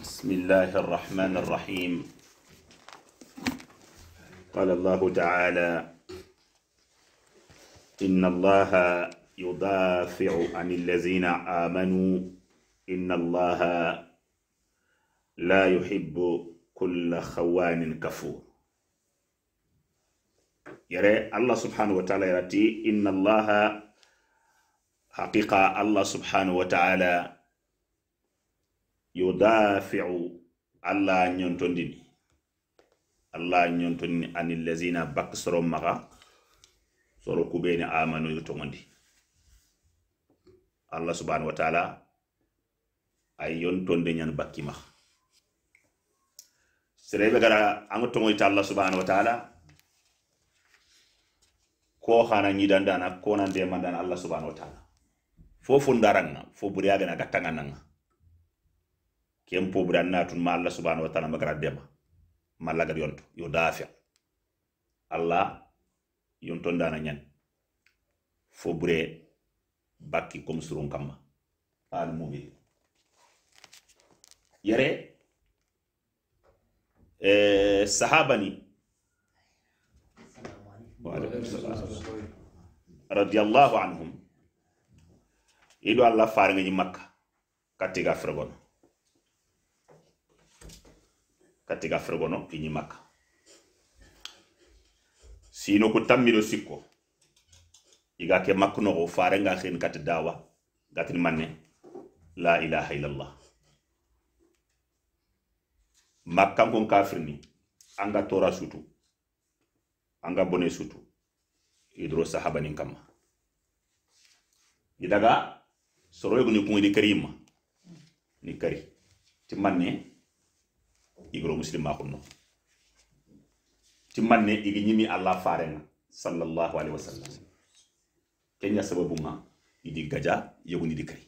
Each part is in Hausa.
بسم الله الرحمن الرحيم قال الله تعالى إن الله يدافع عن الذين آمنوا إن الله لا يحب كل خوان كفور يرى الله سبحانه وتعالى يرتي إن الله حقيقة الله سبحانه وتعالى yudafiu alla ñontondini alla ñontondini ani lazina bak soro maxa soro kubeni amanu yutongondi togondi allah subhanahu wa taala ay yontonde nyan bakki maxa serebe gara anga togoyta allah subhanahu wa taala ko hana ñidandana konandemandana allah subhanahu wa taala fo fundaranga fo buriyagana nanga ken poburi an natun ma allah subhanahu wa taala magara dema malla gadi yonto yo dafe allah yonton dana ñan fo bure bakki comme surun kamma al mumin yare eh, sahabani radiyallahu anhum ilu allah faringañi makka kattiga firgono katika firigono kinyimaka sino ku tammido sikko iga ke makkunoxo farenga xen kati dawa gatin manne la ilaha illallah makkankon kafirni anga tora sutu anga bone sutu idro sahabanin kama idaga soroyogni kuŋidi karima ni kari ti manne igro muslim ma kunno timanne igi nyimi allah farena sallallahu alaihi wasallam kenya sababu nga idi gaja ni di kari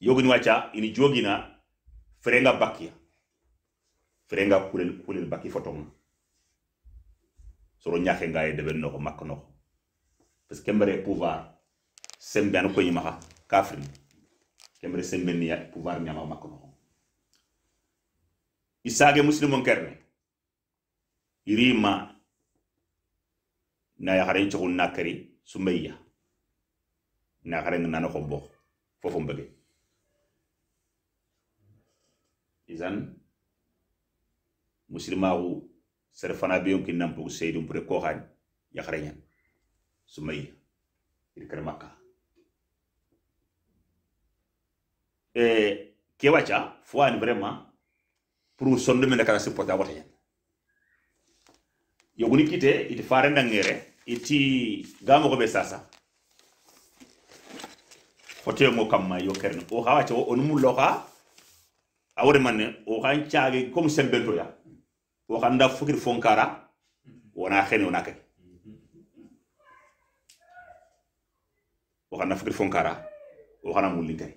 ni wacha ini jogina ferenga bakia ferenga kulil kulel baki fotong soro nyaake ngaye deben noko makko noko parce que mbere pouvoir sembe an ko yima kafri kembere sembe ni pouvoir nyama makko noko isage muslimon kerne irima na yakaren cogun na kari sumayya na yakaren nana kombo fofon bege izan muslimaku serfana beyon kinnan pogu seydum pure kohan yakarenyan sumayya irkar makka e eh, kewaca fo an vraiment pour son sondu mena kana supporta wata yan yoguni kite iti fare ndangere iti gamo ko be sasa fote mo kamma yo kerne o hawa to on mu loka awre manne o kan chaage comme sembento ya o kan da fukir fonkara wona xene wona kay o kan da fukir fonkara o kan amul lintay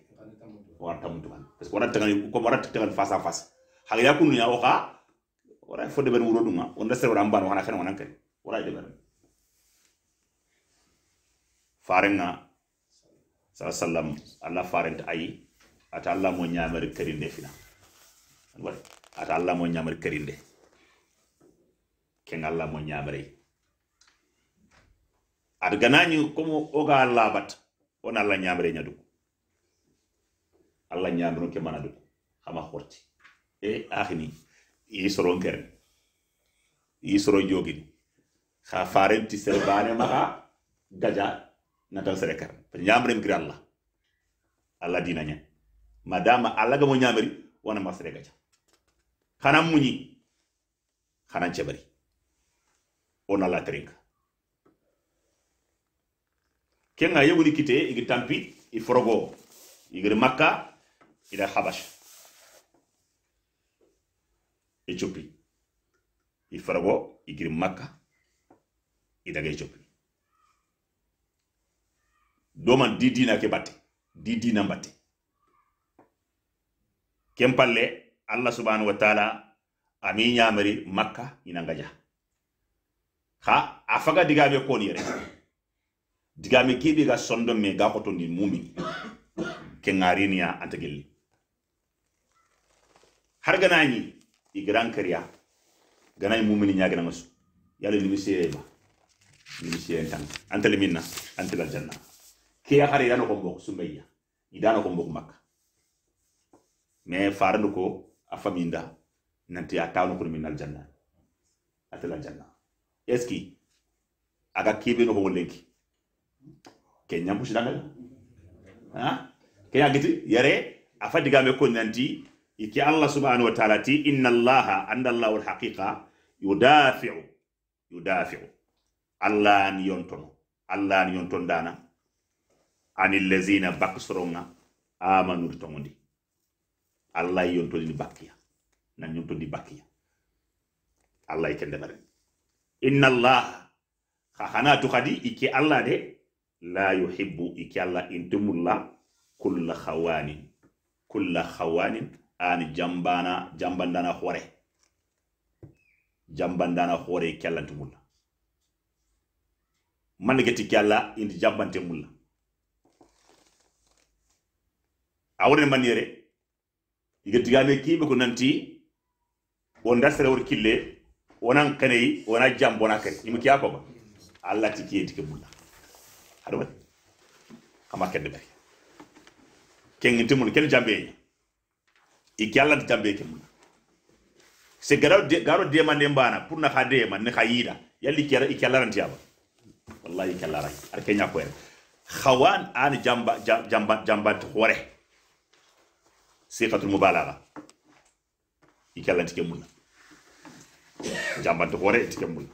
o kan a ban parce que wona tangal ko wona tangal face à face hagaya kunu ya oka ora fo de ber wuro dunga onda sere wara mbano hana kana wananke ora de ber farenga sallallahu alla farent ayi ata alla mo nyaamar kerinde fina wala ata alla mo nyaamar kerinde ken alla mo nyaamare ad gananyu komo oga alla bat on alla nyaamare nyadu alla nyaamru ke manadu xama xorti e ahini i soron kerne i soro jogini ha farenti sere bane maha gaja natal sere kar parce ñamre mi allah allah dina ñen madama allah gamo ñamri wona ma sere gaja xana muñi xana cebari ona la trinka kenga yeguni kite igi tampi i forogo igir makka ida habash éthiopie i farago i giri maka i daga éthiopie doman di dina ke batte di dina batte ken palle allah subhanahu wa taala ami ñamari maka ina ngaja ha a faga digame koni yere digame kebe ga sondo me ga hotondi mumini ke ŋariniya anta gelli har ganañi igran kariya ganay mumini ñagana ngasu yalla limisiye ma limisiye tan anta liminna anta la janna ke ya khari yano ko bok sumayya idano ko bok makka me farandu ko afaminda nanti atawno ko minal janna anta la janna eski aga kibe no ko lenki kenya mushi dangal ha kenya giti yare afa digambe ko nanti iki allah subhanahu wa taala ti inna Allah anda Allah allahu haqiqa yudafiu yudafiu allah ni yonton allah ni yonton dana anil lezina baksoronga amanur tongondi allah yonton yontoni bakia nan yonton yontoni bakia allah ikende bare inna allah khahanatu khadi iki allah de la yuhibbu iki allah intumulla kulla khawanin kulla khawanin ani jambana jambandana hore jambandana hore kellanti mulla man geti kella indi jambante mulla awrene maniere igetigame kiɓe ko nanti on dasere wor kille wonan kaneyi wona jambona bona imu kiya ko ba allah ti kiyeti ke mulla hadu ba kama kende bari kenginti mun ken jambeyeña iki alla ditambe ke mun se garo de garo de man de mbana pour na khade man ne khayida yalli kera iki alla ran tiaba wallahi iki alla rai ar kenya ko khawan an jamba jamba jamba khore siqatul mubalagha iki alla tike mun jamba khore tike mun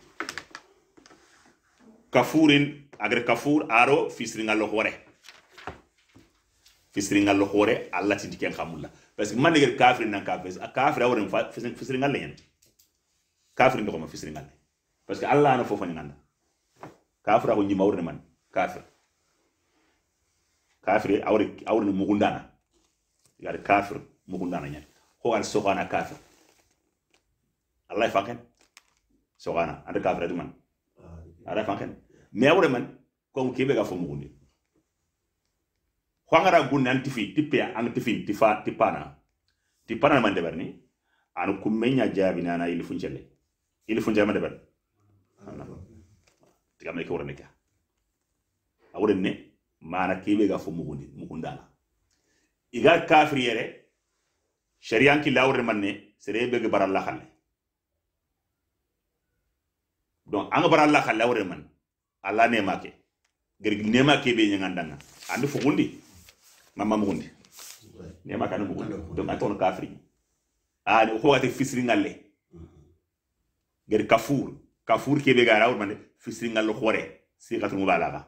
kafurin agre kafur aro fisringa lo khore fisringa lo khore alla tike khamulla parce que man nigel kafir nan kafir a kafir awren fisri ngalle yan kafir ndo ma fisri ngalle parce que allah na fofani nganda kafir awu nyima awren man kafir kafir awre awren mugundana yar kafir mugundana nyan ko ar sokana kafir allah faken sokana ande kafir adu man ara faken me awren man ko kebe ga fo mugundi fangara gunne an tifi ti an ti tifa ti pana man deber ni an kumme nya jabi na na ilfun jelle ilfun jama deber anu ti me ko reneka awre ne mana kebe ga fo mugundi mugundala iga kafir yere shari'an ki lawre ne sere be ga baralla khalle donc an ga baralla khalle awre man alla ne make gergi ne make be nyangandanga andu fugundi mama mugundi nema kanu mugundi donc ton kafri a ni ani o hogate fisringalle mm-hmm. geri kafur kafur kebe gara urmande fisringalle si sigatun mubalaga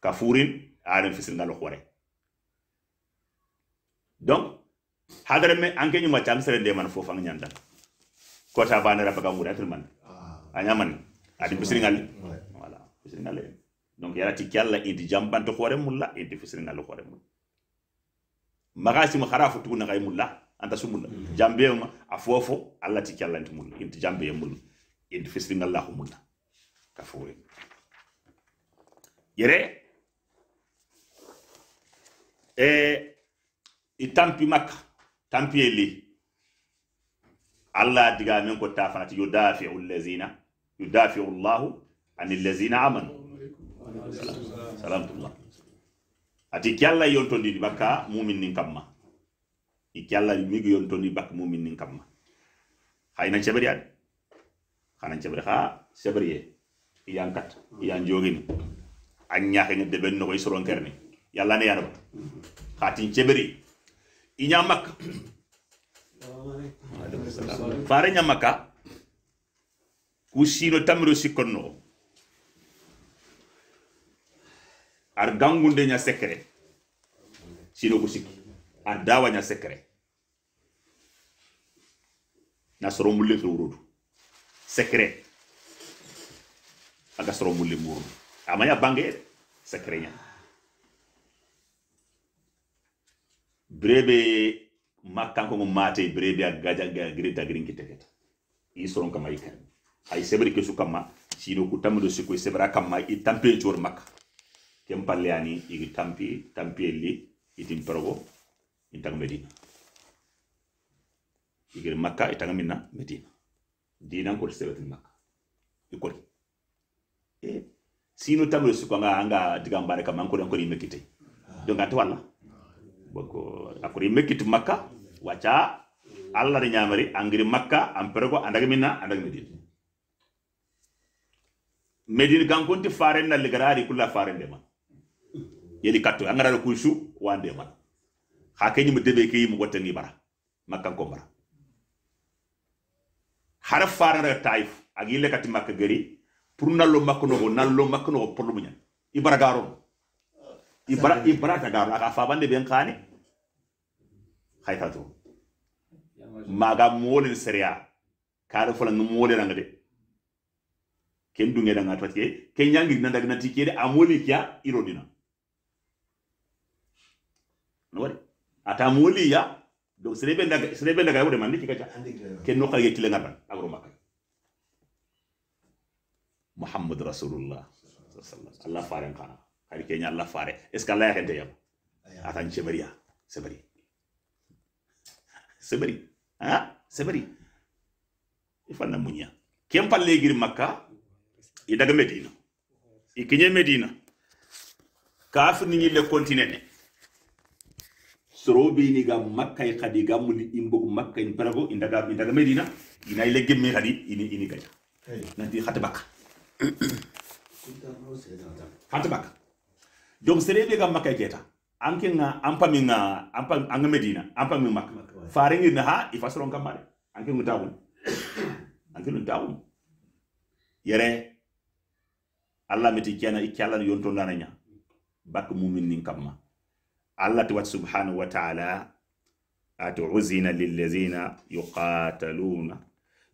kafurin ani fisringalle hore donc hadare me anke nyuma cham sere de man fofang nyanda kota bana rapa kamura tulman ah. anya man adi fisringalle wala fisringalle donc yarati kyalla inti jambanta hore mulla inti fisiringal hore mulla magasimu hara fo tuguna na mulla anta su mulla jambeyoma a fofo allah ti kyalla inti mulla inti jambeye mulla inti fisiringallahu mulla ka fowre yere e i tampi makka tampiye li allah diga men ko ta fanati yudafiu llazina yudafiu llahu ani llazina amanu salamtullah ati kialla alla di bakka mumin nin kamma i ke alla migu yontondi bakka mumin nin kamma hayna cebri ad hanan cebri ha cebri ye iyan kat iyan jogini an ñaxene ben noxoy soron kerni yalla ne yanaba xatin cebri iña makka fare ña makka ku sino tamiro ar gangunde nya secret sino ko sikki ar dawa nya secret na soro mulle to wurodu secret aga soro mulle mur amanya bange secret nya brebe makkan ko mate brebe a gaja grita green kiteketa i soron kama i kan ay ke kesu kama sino ko tamdo siko sebra kama i tampé jor makka ken palleyani igi tampi tampiyelli itin perogo intaga medina igir makka itang minna medina dinan kori sebetin makka ikori e sinu tamir suko nga anga diga mbare kam ankori ankori imekite donc ante walla boko akori imekiti makka wacha allah ri nyamari angiri makka an perego andaga minna andaga medina medina gankonti faren na ligara ari kulla faren de ma yeli katto angara da kunsu wande ma ha kenyi mu debe ke mu gotani bara makkan ko bara harf fara da taif ak le kati makka gari pour nallo makko no nallo makko no problem ñan ibara garo ibara ibara ta garon aka bande ben khani khayta to maga molin seria kare fola ngam molin angade ken dunge da ngatwa ke ken yangi nanda gnati kede amoli kya irodina nore ata moliya donc sere ndaga daga sere ben daga yawde man ni kacha ken no khaye tile ngadan agro makka muhammad rasulullah allah faren kana kari kenya allah fare est ce allah hente yam atan chebariya sebari sebari ha sebari ifanna munya kem palle gir makka i daga medina i kinye medina kafir ni le continent ni ga makkay ya khadi ga muli imbo makkay in indaga indaga medina ina ile gemme khadi ini ini kaya nanti khatbaka bak donc serebe ga makkay ya keta anke nga ampa mi nga ampa anga medina ampa mi makka faringi na ha ifasron kamare anke ngutawun anke ngutawun yere allah meti kiana ikyalan yonto nananya bak mumin kamma allah tuwat subhanahu wa taala ati uzina lillazina yuqataluna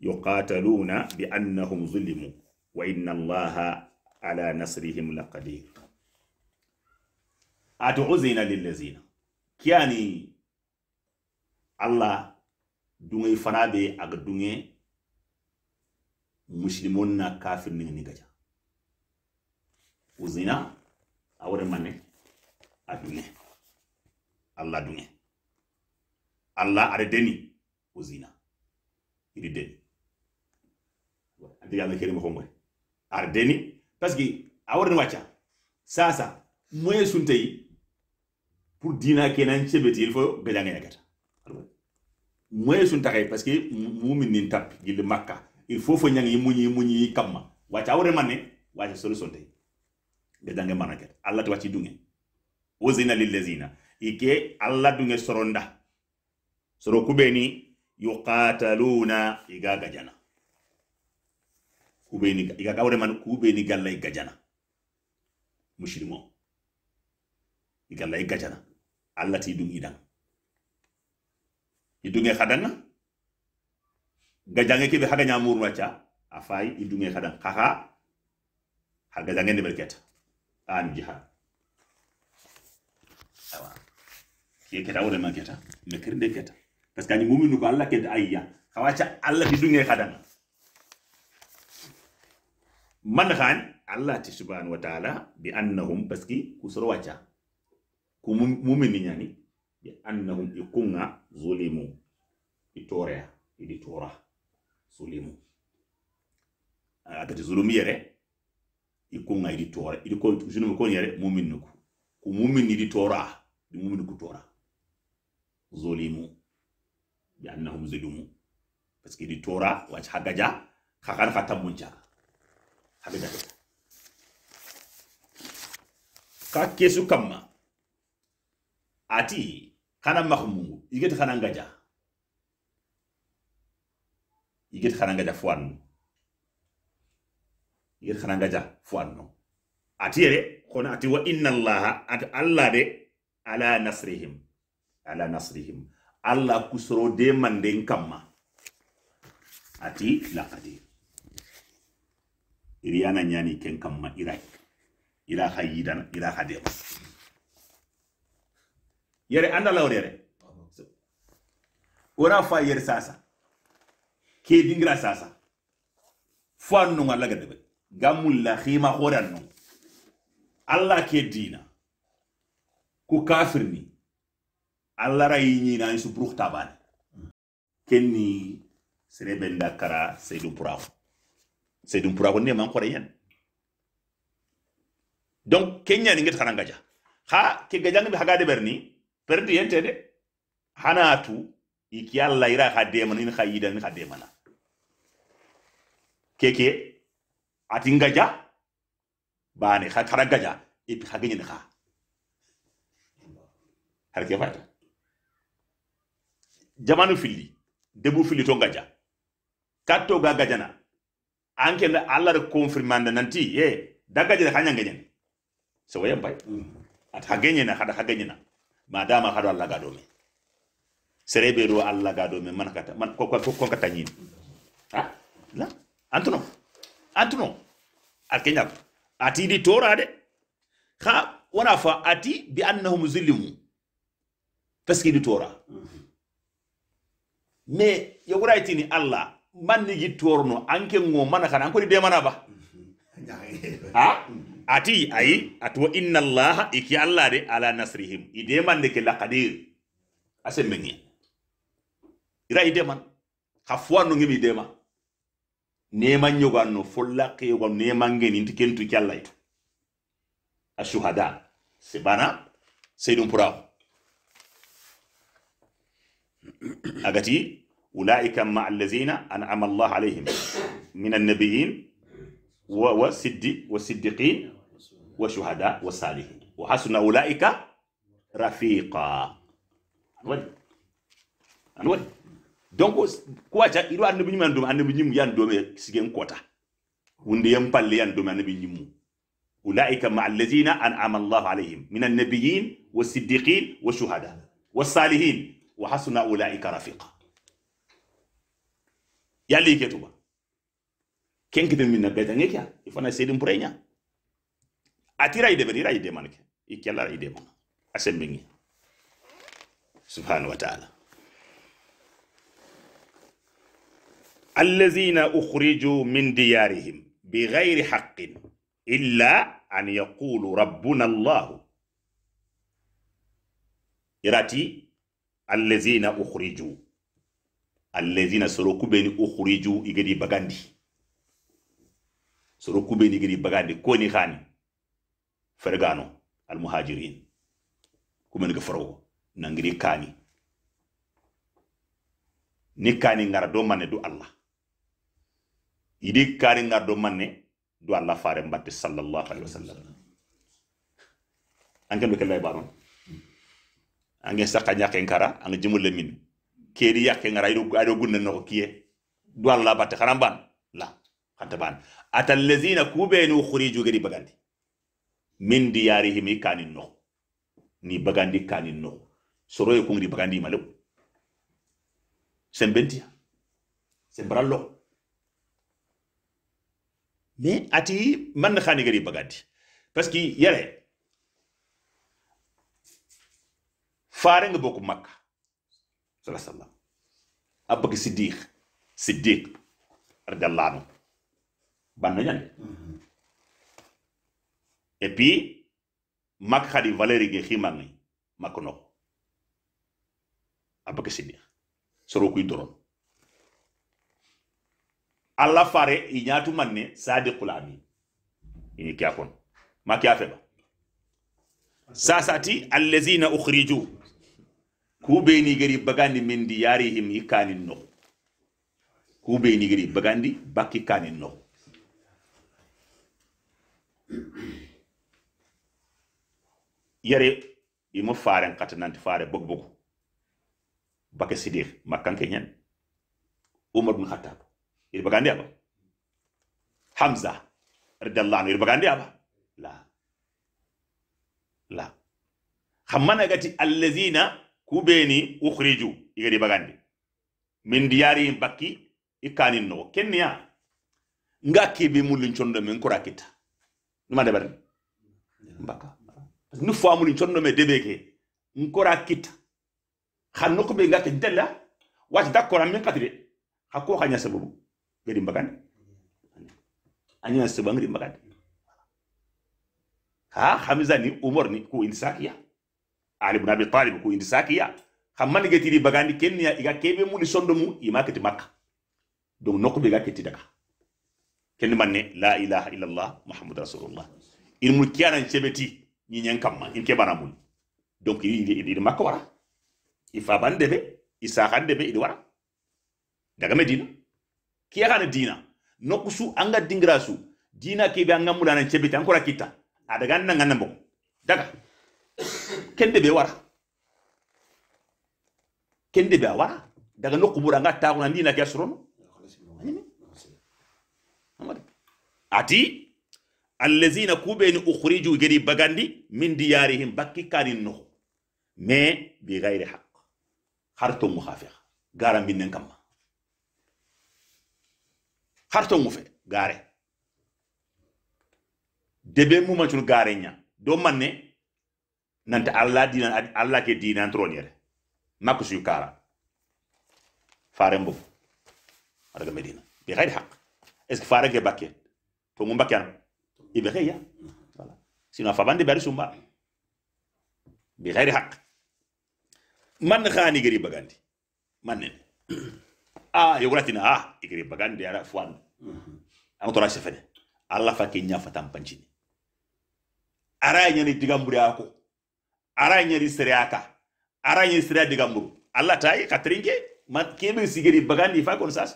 yuqataluna bi annahum zulimu wa inna allaha ala nasrihim laqadir ati lillazina kiyani allah duŋey fana be na kafir gaja uzina allah dunya. allah ada deni uzina. iri deni antiga allah kerima hongore ada deni parce que wacha. sa wacca sasa moye yi pour dina kenan cebeti il faut gajangeña kata moye suntaxay parce que min ni tap gilli makka il faut fo ñangi muñi muñi kamma Wacha a warani manne wacca solution tayi gajange mana kata allah ti wacci dunge wo zina lillezina ike Allah dunge soronda soro kubeni yuqataluna iga gajana kubeni iga kawre man kubeni galla gajana mushrimo igalla gajana Allah ti dungi dan idunge khadanga gajange be haga nyamur wacha afai idunge khadang kaka haga jange ne berketa an jihad awa e keta wole man keta mais kerinde keta par ce que añi muminu ko allah kede ayya hawaca allah bidunge kadanga man han allah ti subhan wa taala bi annahum par ce que kusoro wacca ko mumini ñani bi annahum i zulimu i toreya idi tora zulimu agati ah, zulumi yere i kunga idi tora idi ko jinu kon yere muminu ko ko mumini idi tora di muminu ku tora zolimu bi annahum zulimu parce que di tora waj hagaja khagar khatam munja hagaja ka kesu kamma ati kana mahmungu iget kana ngaja iget kana ngaja fuanno iget kana ngaja fuanno ati yere kono ati wa inna allaha ati allah de ala nasrihim ala nasrihim alla kusoro de manden kamma ati laqadir iriyana nyani ken kamma irak ila hayidan ila ira ha dema yere anda lawrere ora fa yere sasa ke dingra sasa fan nunga laga gamul la khima horan nun alla ke dina ku kafirni allara ni na su prux tabane kenni sere ben dakara seydou pouraw seydou pouraw ne man kore yan donc kenya ni ngi xana ngaja ha ke gajang bi hagade berni perdi yente de hanatu iki alla ira khade man in khayida ni khade mana keke ati ngaja bani ka kara gaja ipi ni kha har ke fata jamanu fili, debu fili to gaja katto ga gajana anke da allah da confirmanda nanti ye daga jira hanya ganyen so wayan bai mm. at hagenye na hada hagenye na madama hada allah ga domin serebe do allah ga domin man kata man ko ko ko kata nyin ha la antuno antuno kenya ati di tora de ha wana fa ati bi annahum zulimu parce que tora mm. me yogoraitini allah manni gittorno anke ngo mana kana an kodi mana ba ha ati ayi atwa inna allah iki allah de ala nasrihim man de ke laqadir ase mengi ira man khafwa no ngimi dema neman yogan no follaqi yogan neman ngeni tikentu kyalla itu ashuhada sebana seydum puraw agati أولئك مع الذين أنعم الله عليهم من النبيين والصديق والصديقين وشهداء والصالحين وحسن أولئك رفيقا أنود أنود دونك كوا جا إلو أن بني من دوم أن بني من يان دوم سجن كوتا وندي يم بالي يان دوم أولئك مع الذين أنعم الله عليهم من النبيين والصديقين والشهداء والصالحين وحسن أولئك رفيقا yalli ke tuba ken kitin min na beta ngekya ifana sedin purenya atira ide berira ide manke ikella ide man asembengi subhanahu wa ta'ala allazina ukhriju min diyarihim bighairi haqqin illa an yaqulu rabbuna allah irati allazina ukhriju allazina sorokubeni ukhriju igedi bagandi sorokubeni igedi bagandi koni khani fergano muhajirin kumen ga faro nangiri kani ni kani ngara do manne du allah idi kani ngara do manne du allah fare mbatte sallallahu alaihi wasallam anke do kelay baron ange sakka nyake ngara ange jimul min kedi yake ngara ido ado gunna no kiye la bata karam ban la khataban atal ladzina kubenu khuriju gadi bagandi min diyarihim kanin no ni bagandi kanin no soro kung di bagandi malew sembentia ya. sembrallo me ati man khani gari bagandi parce que yare faring boku makka sallallahu alayhi wa sallam ab bëgg siddiq siddiq ban na ñan mm-hmm. et puis mak khadi valeri ge khimani makno ab bëgg siddiq soro kuy doron alla fare i ñaatu manne ini kya ma kya ba sasati allazina ukhriju kube ni gari bagandi mindi yari him ikanin no kube ni gari bagandi baki kanin no yare ima faren katananti fare bog bog bake sidir makkan kenyan umar bin khattab ir bagandi aba hamza radallahu anhu ir bagandi aba la la khammana gati allazina kubeni ukhriju igadi bagandi min diyari bakki ikanin no kenya nga kebe mulin chondo men kura kita numa de mbaka nu fo mulin chondo me debeke nkora kita xanno ko be nga ke della wati dakora min katire hakko hanya sababu gadi bagandi anya sababu ngadi ha hamza ni umar ni ku insakiya ali ibn abi talib ku indi sakiya xamman ge tidi bagandi kenya iga kebe muli sondo mu ima makka donc nokko be ga kiti daga ken manne la ilaha illallah muhammad rasulullah il mul kiyana chebeti ni nyen kamma in ke bana mul donc il il il makka wara il bande be isa hande be il wara daga medina kiyana dina nokku su anga dingrasu dina kebe anga mulana chebeti ankora kita adaga nan ngannambo daga kende be wara kende be wara daga no kubura nga taguna ndi na kasrono ati allazina ni ukhriju gedi bagandi min diyarihim bakki kanin no me bi ghairi haqq harto muhafiq garam binnen kamma harto mu gare debe mu macul gare nya do manne nanta alla dina alla ke dinan tronier makko su kara faren bo adaga medina bi ghayr haqq est ce que faren ke bakke to ngum bakke i ibe khaya voilà sino fa bande bari sumba bi ghayr haqq man khani gari bagandi man ne ah yogulatina ah igri bagandi ara fwan mhm. an tora sefene alla fa ke nya fatam pancini ara e nyani digamburi ako ara nyari seriaka ara nyari diga digamburu allah tayi katrinke mat kebe sigeri bagandi fa kon sas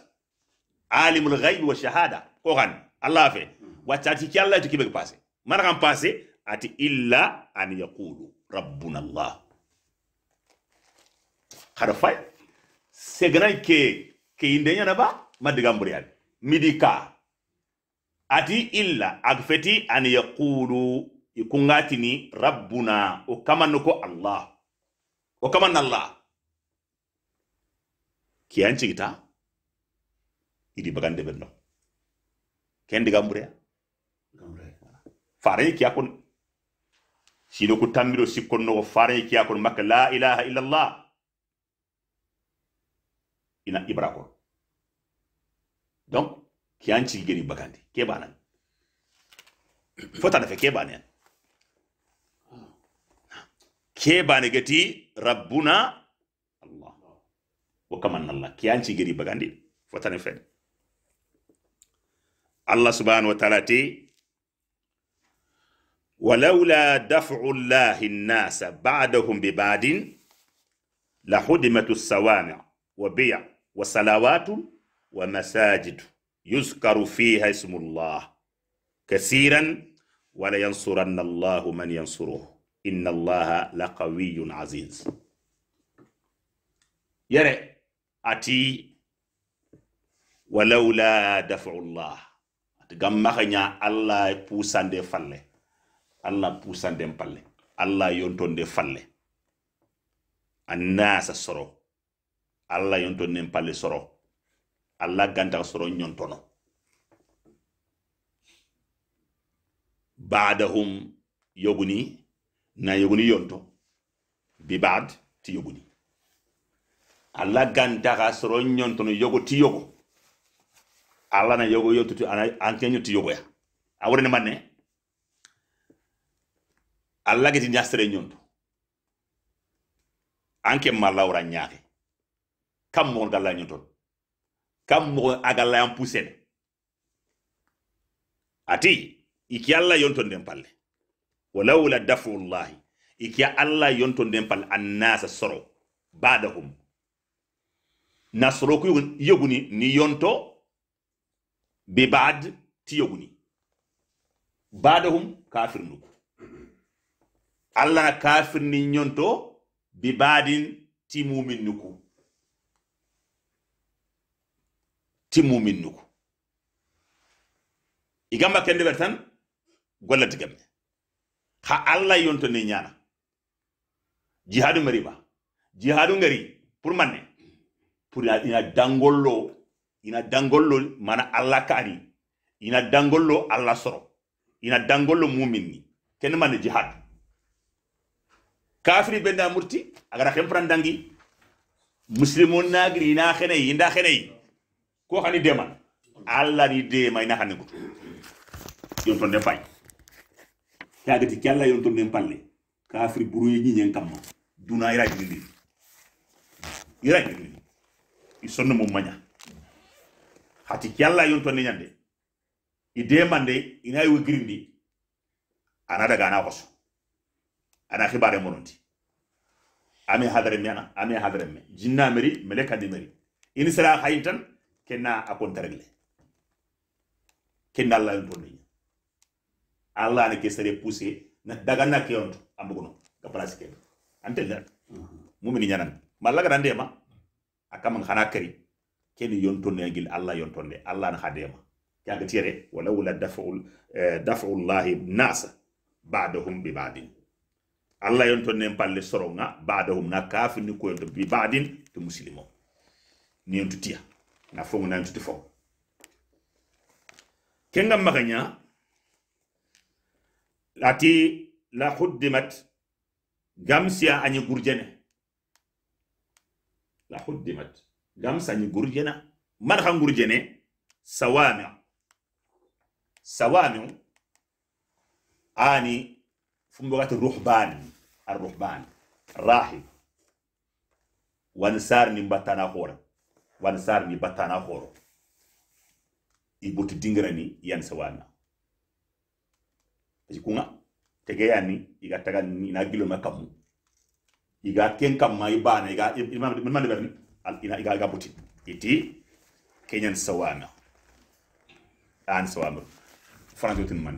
alimul ghaib wa shahada ko kan allah fe hmm. watati ki allah to kebe passé man kan passé ati illa an yaqulu rabbuna allah kada fay segran ke ke indenya na ba madigamburu yal midika ati illa agfeti an yaqulu ikungatini rabbuna o kama ko allah o kama na allah nalla kiyan cigita idi bagande ɓen no ken diga mbureya fareñi kiya kon sido ku tammiɗo sikkonnogo fareñi kiya kon makka la ilaha illallah ina ibra kon donc kiyan cigi geni bagandi ke banan fo da fe ke banen kebanegeti rabbuna allah wo kamannalla kiyanci gedi bagandi fotane fen allah subhanahu wa taala ti walaula daf'u llahi nnasa ba'dahum bi ba'din لحدمت الصوامع وبيع وصلوات ومساجد يذكر فيها اسم الله كثيرا ولينصرن الله من ينصره إن الله لقوي عزيز يرى أتي ولولا دفع الله gam maxaña allah pusande falle allah pusande palle allah yontonde falle annasa soro allah yontonde palle soro allah ganta soro ñontono badahum yoguni na yogoni yonto bibad ti yogoni alla gantaxa soro ñontono yogo ti yogo alla na yogo yontuti ankeño ti ya a worene manne alla geti ñastere ñonto anke malla wora ñaake kam mogon galla ñonton kam mogo a gallayan pusene ati iki alla yonton den palle walawla daf'ullahi ikiya allah yontonden pal annasa soro badahum nasoro ko yoguni ni yonto be bad ti yoguni badahum nuku. allah kafir ni yonto bi badin ti mumin nuku ti mumin nuku igamba kende ber tan gollatigamme ha allah yonto ne ñana jihadu ngari ba jihadu ngari pour manne pour ya, ina dangollo ina dangollo mana allah kani ina dangollo allah soro ina dangollo mumin ni ken manne jihad kafiri benda murti agara ken prandangi muslimon nagri ina xeneyi inda xeneyi ko xani deman allah ni dema ina xani gutu yonto ne fay yagati kyalla yon tonden palle kafiri buruye ñiñen kamma duna ira jirindi ira jirindi i sonno mum maña hati kyalla yon tonde ñande i demande ina yiwo girindi ana daga ana koso ana xibare moronti ame hadare me ana ame hadare me jinna meri mele kandi meri ini sera hayin tan kenna a kontaregle kenna allah yon tonde ña alla ne ke sare puse na daga na ke onto ambugo ga place ke ante la mumini nyanan malla ga rande ma akam khana kari keni yontonde gil alla yontonde alla na hadema kaga tiere wala wala dafa'ul eh, dafa'ul lahi nas ba'dahum bi ba'din alla yontonde palle soronga ba'dahum na kafini ko yonto bi ba'din to muslimo ni yontutia na fongo na yontuti fongo kengam maganya ati la huddimat gamsiya anyi gurjene la huddimat gamsa anyi gurjena man kan gurjene sawami sawami ani fumbogati ruhban الرهبان راحب وانسار ني باتانا خورا وانسار ني باتانا خورو يبوت دينغراني يان سوانا parce que nga tegeyani iga taga ina gilo ma kamu iga ken kam ma ibana iga imam man berni al ina iga iga buti iti kenyan sawama an ah, sawama franjo tin man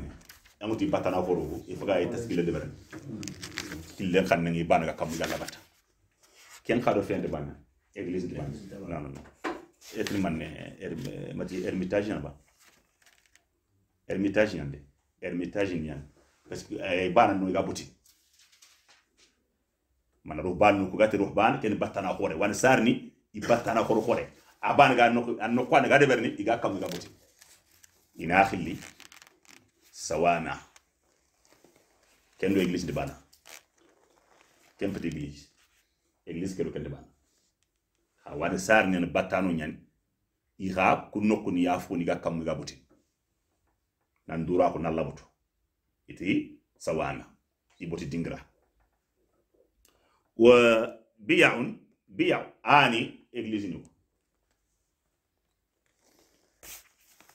amuti batana horo e faga e tasbila de berni kille kan nangi bana ga kamu galla bata ken kado fende bana église de bana non non et man ermitage ba ermitage yande hermitage yan parce que eh, bana no gabuti mana ruhban no kugati ruhban ken battana khore wan sarni i battana khore khore aban ga no an no kwana ga i berni iga kam gabuti ina khilli sawana ken do english de bana ken petit iglis ke kero ken de bana ha wan sarni ni battano nyan iga kunokuni yafuni ga kam gabuti nan dura ko nallamoto iti sawana iboti dingra wa biyaun biyaw ani église ni ko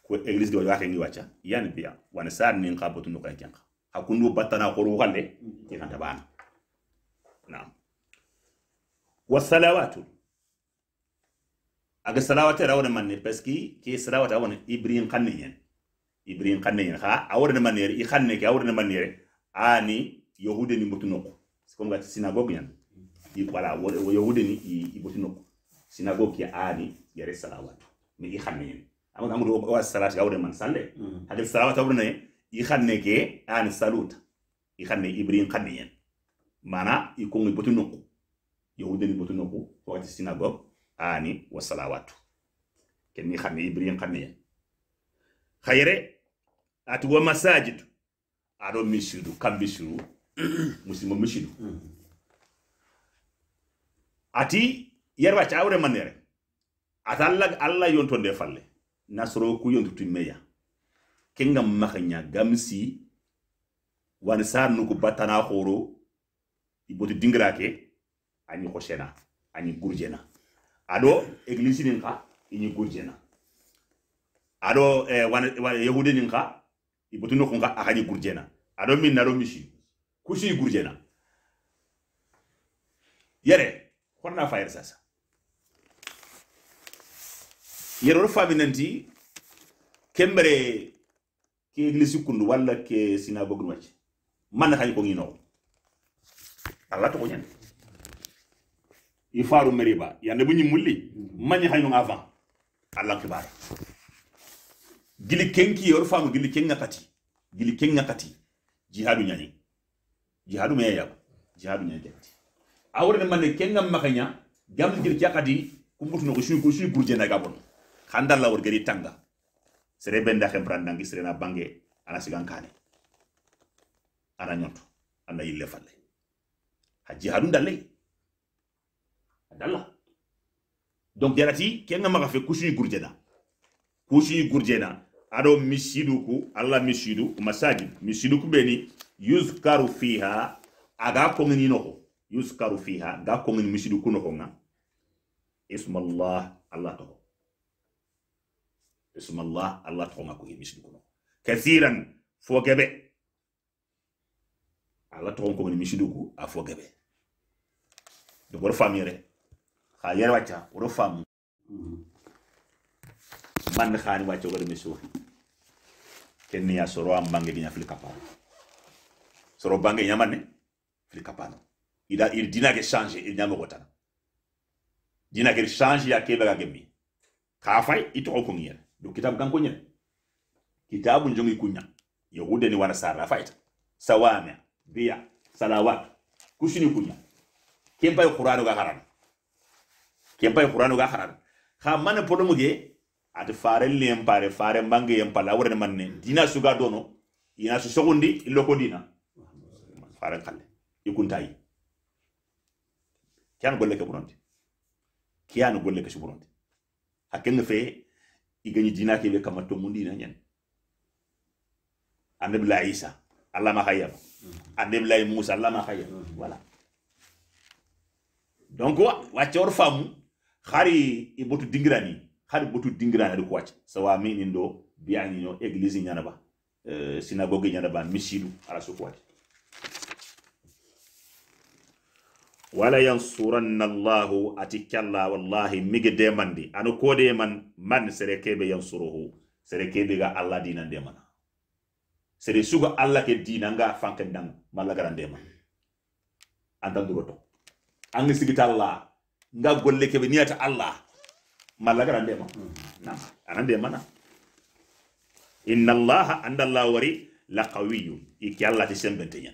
ko église do waxe ni wacha yani biya wan sar ni nga botu nuka kenka hakundu batana ko ru galle ti kan tabana na'am wa salawatu aga salawata rawna manne peski que ke salawata ibrin kanni yen ibrin xanne yen xa a warana manere i xanne ke a warana manere ani yahude ni botunoku comme gati synagogue yan i voilà yahude ni i, i botunoku synagogue hmm. ke ani yare salawatu ni i xanne yen amad amud wa salat a warana man salle mm. hakil salawatu a warana i xanne ke ani salut i xanne ibrin xanne yen mana i ko kongi botunoku yahude ni wa wakati synagogue ani wa salawatu ken ni xanne ibrin xanne yen xayre ati wa masajidu aro misiru kambisiru musimo misiru mm-hmm. ati yerwa chawre manere ata alla alla de falle nasro ku yontutu meya kinga makanya gamsi wani sar nuku batana horo iboti dingira ke ani khosena ani gurjena ado eglisi nin ka ini gurjena ado eh, wan, wan, yahudi nin ka no kunga akanye gurjena adomi min naro mishi kushi gurjena yere horna fire sasa yero fami nanti kembere ke iglesi kundu wala ke sinagogu macce manna tañi kongi nginowo alla to ko ñande meriba yande buñi mulli mañi hañu avant alla kibara gili kenki yor famu gili ken ngakati gili ken ngakati jihadu nyani jihadu me yaba jihadu nyani dekati awre ne manne ken ngam makanya gam gili kyakati kumbutu no kushu kushu burje na gabon khanda la wor gari tanga sere benda khembran nangi sere na bange ana sigan kane ana nyoto ana yille falle ha jihadu ndalle dalla donc jarati ken ngam makafe kushu gurjena kushi gurjena aɗo misiduku allah misidu masajid misiduku ɓeni yuskaru fiha aga koŋininoko yuskaru fiha ga koŋini misiduku nokoŋa ismallah allah togo ismallah allah togoŋa koŋi misiduku noko kathiran fo gebe allah togon koŋini misiduku a fo gebe donc woto famire ha yere wacca woto famu mm -hmm. man khani wa chogari misuri ken ya soro am bangi dinya fili kapa soro bangi nya manne fili no ida il dina ke change il nya mo dina ke change ya ke baga gemi ka fay it ko ngir do kitab kan ko nyen kitabu njongi kunya yahude ni wana sara fayta sawame biya salawat kushini kunya kempay qur'anu ga haran kempay qur'anu ga haran kha man podomuge ati faren liyen pare faren bange yen pala wurene manne dina suga dono ina su sogundi iloko dina faren kalle ikuntayi kiyanu golle ke buronti kiyanu golle ke su buronti hakkenge fe igani dina ke be kamato to mundi na nyen annabi la isa allah ma khayya annabi la musa allah ma khayya wala donc wa, wa chor famu khari ibutu dingrani har butu dingira na kwat sawa min indo biani no église nyana ba euh, synagogue nyana ba misidu ala su kwat wala yansuranna allahu ati kalla wallahi mige demandi anu kode man man sere kebe yansuruhu sere kebe ga allah dinan demana sere suga allah ke dina nga fanken dan malagaran demana antan duroto angi sigita allah nga golle kebe niyata allah mallagara na ana ndema na inna allaha anda allah wari la qawiyyu iki allah ti sembe tenya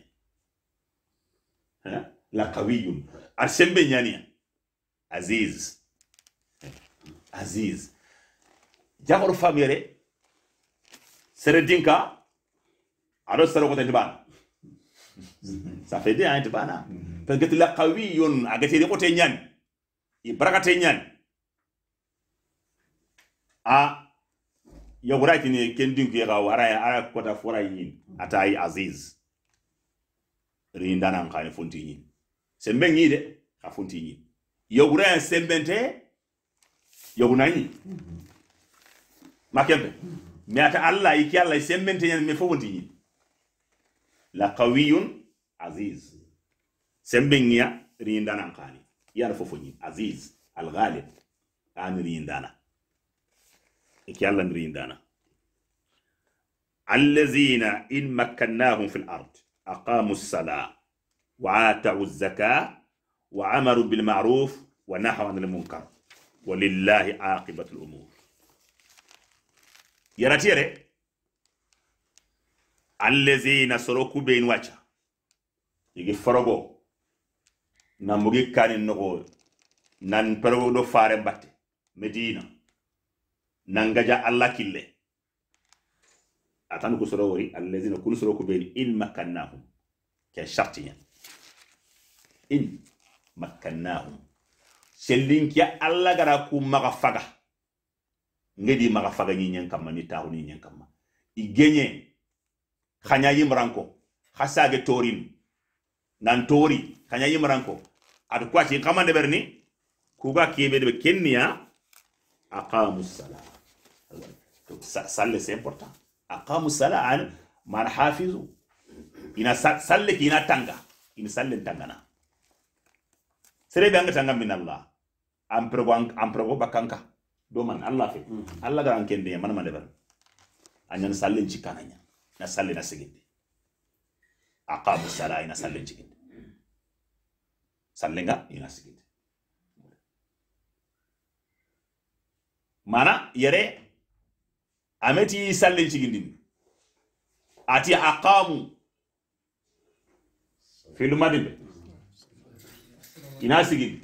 la qawiyyu ar sembe nyani aziz aziz jagoro famere sere dinka aro sere ko tan sa ça fait bien hein na pe que la qawiyyu agati ko tan nyani i barakate nyani a yagura ne kendin ke ga wara ya ara kota fora yin atai aziz rindana nan kan funti yin semben yi de ka funti yin yagura ya te yaguna yin makembe me ata alla iki alla sembente te me fonti yin la qawiyun aziz semben ya rindana nan kan yar fofo yin aziz al ghalib an rindana إكي الله دانا الذين إن مكناهم في الأرض أقاموا الصلاة وآتوا الزكاة وعمروا بالمعروف ونحوا عن المنكر ولله عاقبة الأمور يا يراتيري الذين سرقوا بين وجه يجي فرقوا نموغي كان نغو نان برودو فارم باتي مدينه nangaja alla kille atanu kusoro wori allazina kun soro kubeni in makkannahum ken shartiya in makkannahum sellinkiya alla gara ku maga faga ngedi maga faga ñiñen kamma ni taxu ñiñen kamma i geñe xaña yimranko xa sage torin nan tori xaña yimranko adu kuwacin xamande ɓerni kuga keɓeɗeɓe kenniya aqamu salam Donc salle c'est important. Aqamu an man hafizu. Ina salle ki ina tanga. Ina salle tangana. Sere bi anga tanga min Allah. Am prego am prego bakanka. Do man Allah fe. Allah ga anken de man man de Anyan salle ci kananya. Na salle na sigindi. Aqamu sala ina salle ci gindi. Salle nga ina sigindi. Mana yere ameti sallen cigindini ati aqamu filumadi be ina sigindi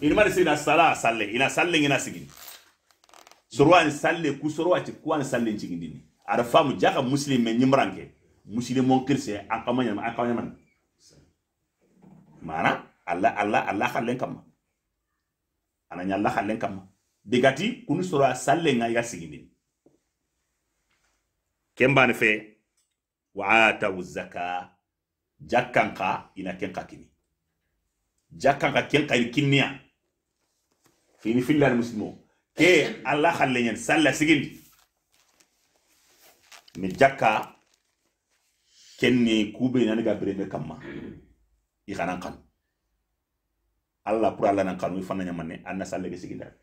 ilmadi sigina sala salle ina sallen ina a ni salle ku sorowa ti kuwani sallen cigindini ada famu jaka muslime ñimranke musilmon kirse an kama ñama an kama ñamani mana alla alla alla xallen kamma ana ñalla xallen kamma bigati kunu sorowa sallen ga sigin sigindini kembani fe wa atau zaka jakkanka ina kenka kini jakkanka kenka ini kinniya fini fillani muslimo ke allah hallenyen salla sigindi mi jakka kenni kube nani ga birebe kamma i kanan kanu allah pour allah nan kanu i fanna ñamanne anna sallege sigindara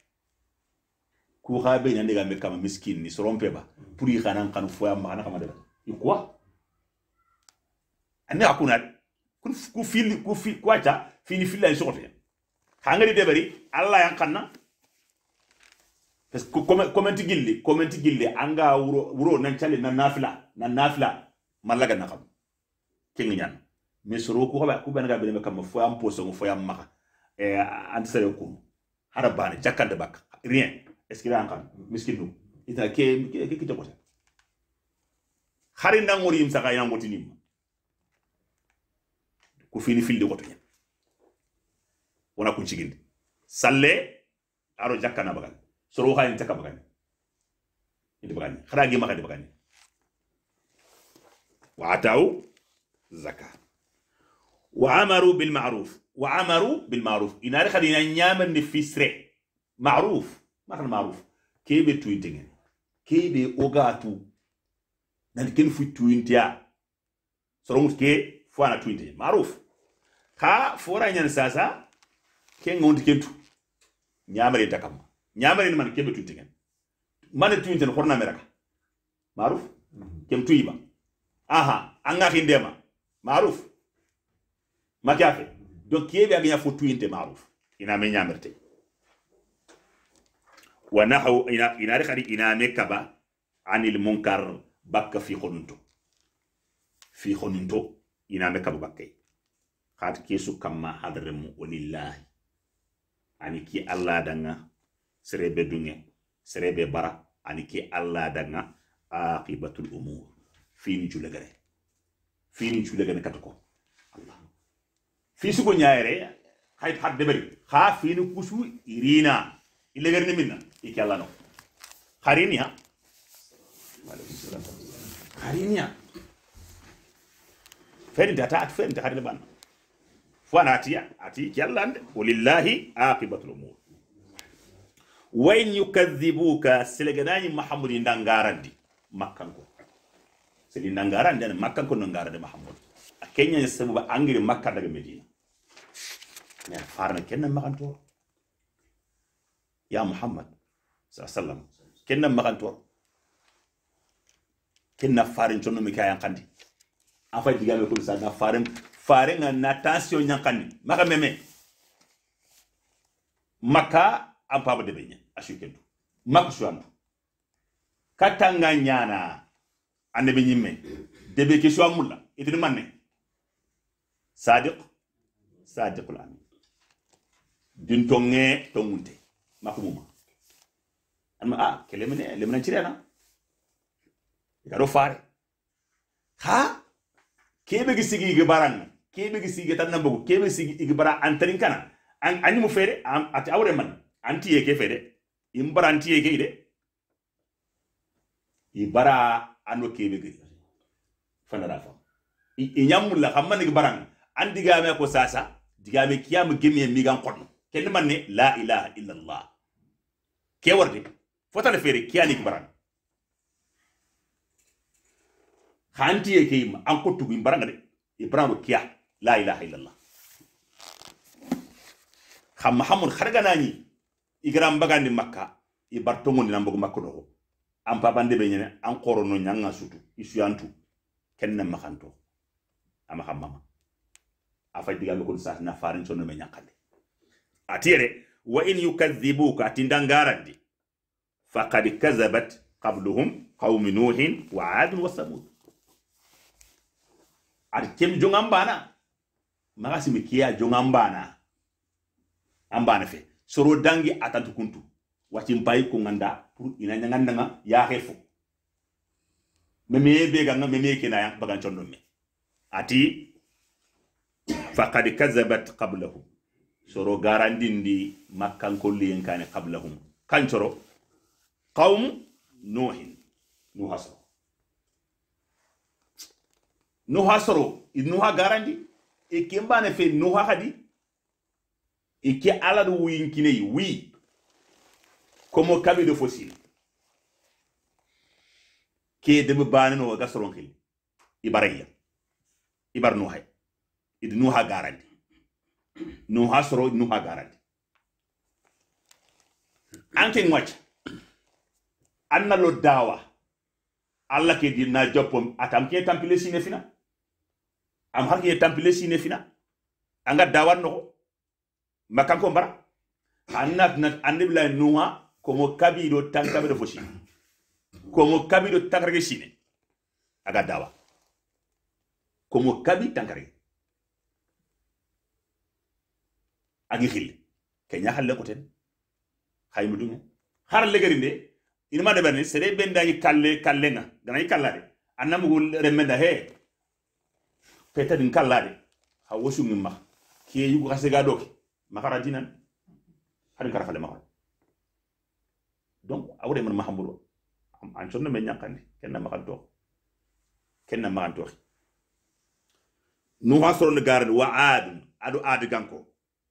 ku khabe nyande gambe kama miskin ni sorompe ba puri khanan kan foya ma kana kama de ikwa ane akuna kun ku fili ku fi kwacha fini filla en sokote hangari de bari alla yan kanna parce que comment gilli comment gilli anga wuro wuro nan chale nan nafila nan nafila malaga na kam kingi nyan mi soro ku ba ku ben ga be kama foya am poso foya maka e eh, antisere ku harabane jakande bak rien eske an kan miskinu ita ke ke ke jabota hari ndan ngori imsaka yan ngoti nimma ku fini filde goto nyen wona kun cigindi salle aro jakkana bagal soro hayin taka bagal indi bagal khara gi makadi bagal wa atau zaka wa amaru bil ma'ruf wa amaru bil ma'ruf inari khadina nyaman ni fisre ma'ruf makan maruf kebe tuintingen kebe ogatu nan ken fu tuintia sorongut ke ana fana tuinte maruf ka fora nyan sasa ken ngondi kentu nyamare takam nyamare man kebe tuintingen man tuinten horna meraka maruf mhm. kem tuiba aha anga kindema maruf makiafe mhm. donc kebe agnya fu tuinte maruf ina me nyamerte wa nahu ina ina re ina me kaba anil munkar bakka fi khonunto ina me kaba bakke khat kesu kamma hadramu walillahi ani ki alla danga serebe dunge serebe bara ani ki alla danga aqibatul umur fini julegare fini julegare katako allah fi sugo nyaare hayt hadde bari kha fini kusu irina ilegarni minna ike alla no hariniya hariniya ferinta ta ati ferinta harine banna fana atiya ati ike alla ande walillahi aqibatul umur wain yukadhibuka selegedañi mahamudi ndangarandi makkanko sedi ndangarandi ane makkanko no ngarande mahamudi a keñañi sabuba angiri makka daga medina Ya farna kenna Makanto? ya muhammad sallam kenna magantor kenna farin chonno mi kayan kandi afa diga me kulsa na farin farin na tension nyankani maka meme maka ampaba de benya ashukendu maka shuandu katanga nyana ande be nyimme debe ke shuamulla idin manne sadiq sadiqul amin din tonge tongunte makumuma an ah ke lemne lemne tire na garo fare ha kebe gi sigi gi baran kebe gi sigi tan nambugo kebe sigi gi bara antarin kana an anyi mu fere ati awre man anti yake fere in bara anti yake ide i bara ando kebe gi fanara fa i la nyamulla xamman gi baran an digame ko sasa digame kiyama gemi mi gan kodno kenn man ne la ilaha illallah ke warde fotale fere kiyani kibaran hanti e kiyim an ko tugu imbaranga de ibrahim kiya la ilaha illallah kham mahamud kharga ni igram bagandi makka i tongo ni nambugo makko do am bande be nyene an koro no nyanga sutu isuyantu kenna makanto ama khamama afay diga ko sa na farin sonu me nyakande atire wa in yukadhibuka atindangarandi faqad kazabat qabluhum qawmi nuhin wa adun wa samud ar kem jongam bana magasimi kiya jongam bana ambana fe soro dangi atantu kuntu wati mpai kunganda pour ina nyanganda nga ya hefu meme be ganga meme kina ya bagan chondo me ati faqad kazabat qablahum soro garandindi makkan kolli en kane qablahum kan qaum nuhin nuha soro nuha soro nuha garandi e ke mbane fe nuha hadi ke aladu wuyinkineyi wi komo ke debe baneno waga soronkili ibarayya ibar nuhay idi nuha garandi nuha soro nuha anna lo dawa alla ke di na joppom atam ke tampile sine fina am har ke tampile sine fina anga dawa no makanko mbara anna na andibla nuwa ko mo kabido tanka be foshi ko mo kabido tankarage sine aga dawa ko mo kabi tankare agi xil ke nyaxal le ko ten xaymu dunga har legerinde inima deberni sere ben dañi kalle kalle na yi kalla kallenga ganañi kallade annamugu da he petadin kallade ha wosungin maxa kiye yugu xa sega doke maxara dinan adin kara fale maxara donc awure man maxamburo an sonno me ñakkandi kenna maxan toox kenna maxan tooxi nuxa soronde garani wa adum adu adi ganko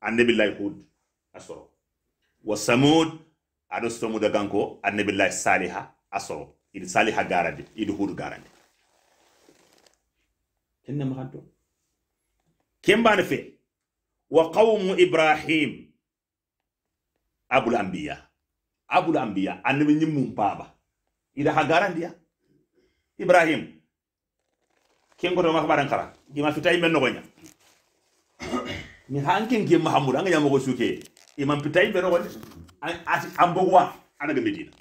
annabillahi hud a soro wa samud aɗo somuda ganko annabillahi saliha a soro saliha garande iɗi huuɗu garande kennema hanto kembane fe wa qawmu ibrahim abul anbiya abul anbiya annabi ñimmum paaba ida ha garandiya ibrahim kengotoma kaɓaɗan kara ima fita yimɓe nogoña mi han ken ke mahamoudou anga suke suuke iman pita yimɓe nogonde an wa ana ga medina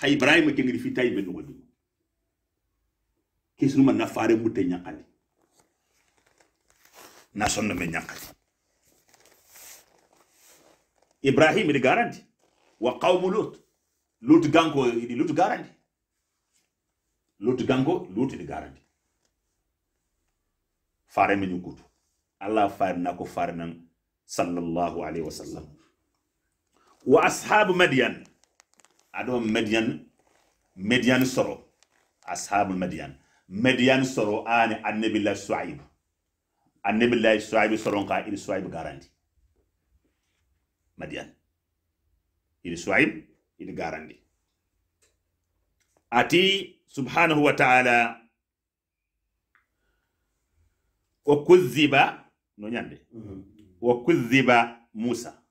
hay ibrahima ke ngiri fitay ben wadu kis numa na fare mutte nyakali na sonno nyakali ibrahim idi garanti wa qawmu lut lut ganko idi lut garanti lut ganko lut idi garanti fare men nyukutu allah fare nako fare nan sallallahu alaihi wasallam wa ashabu madian ado madian madian soro ashabu madian madian soro ani annabillahi suaib annabillahi suaib soron ka il suaib garanti madian il suaib il garanti ati subhanahu wa ta'ala wa kuziba no nyande mhm. wa kuziba musa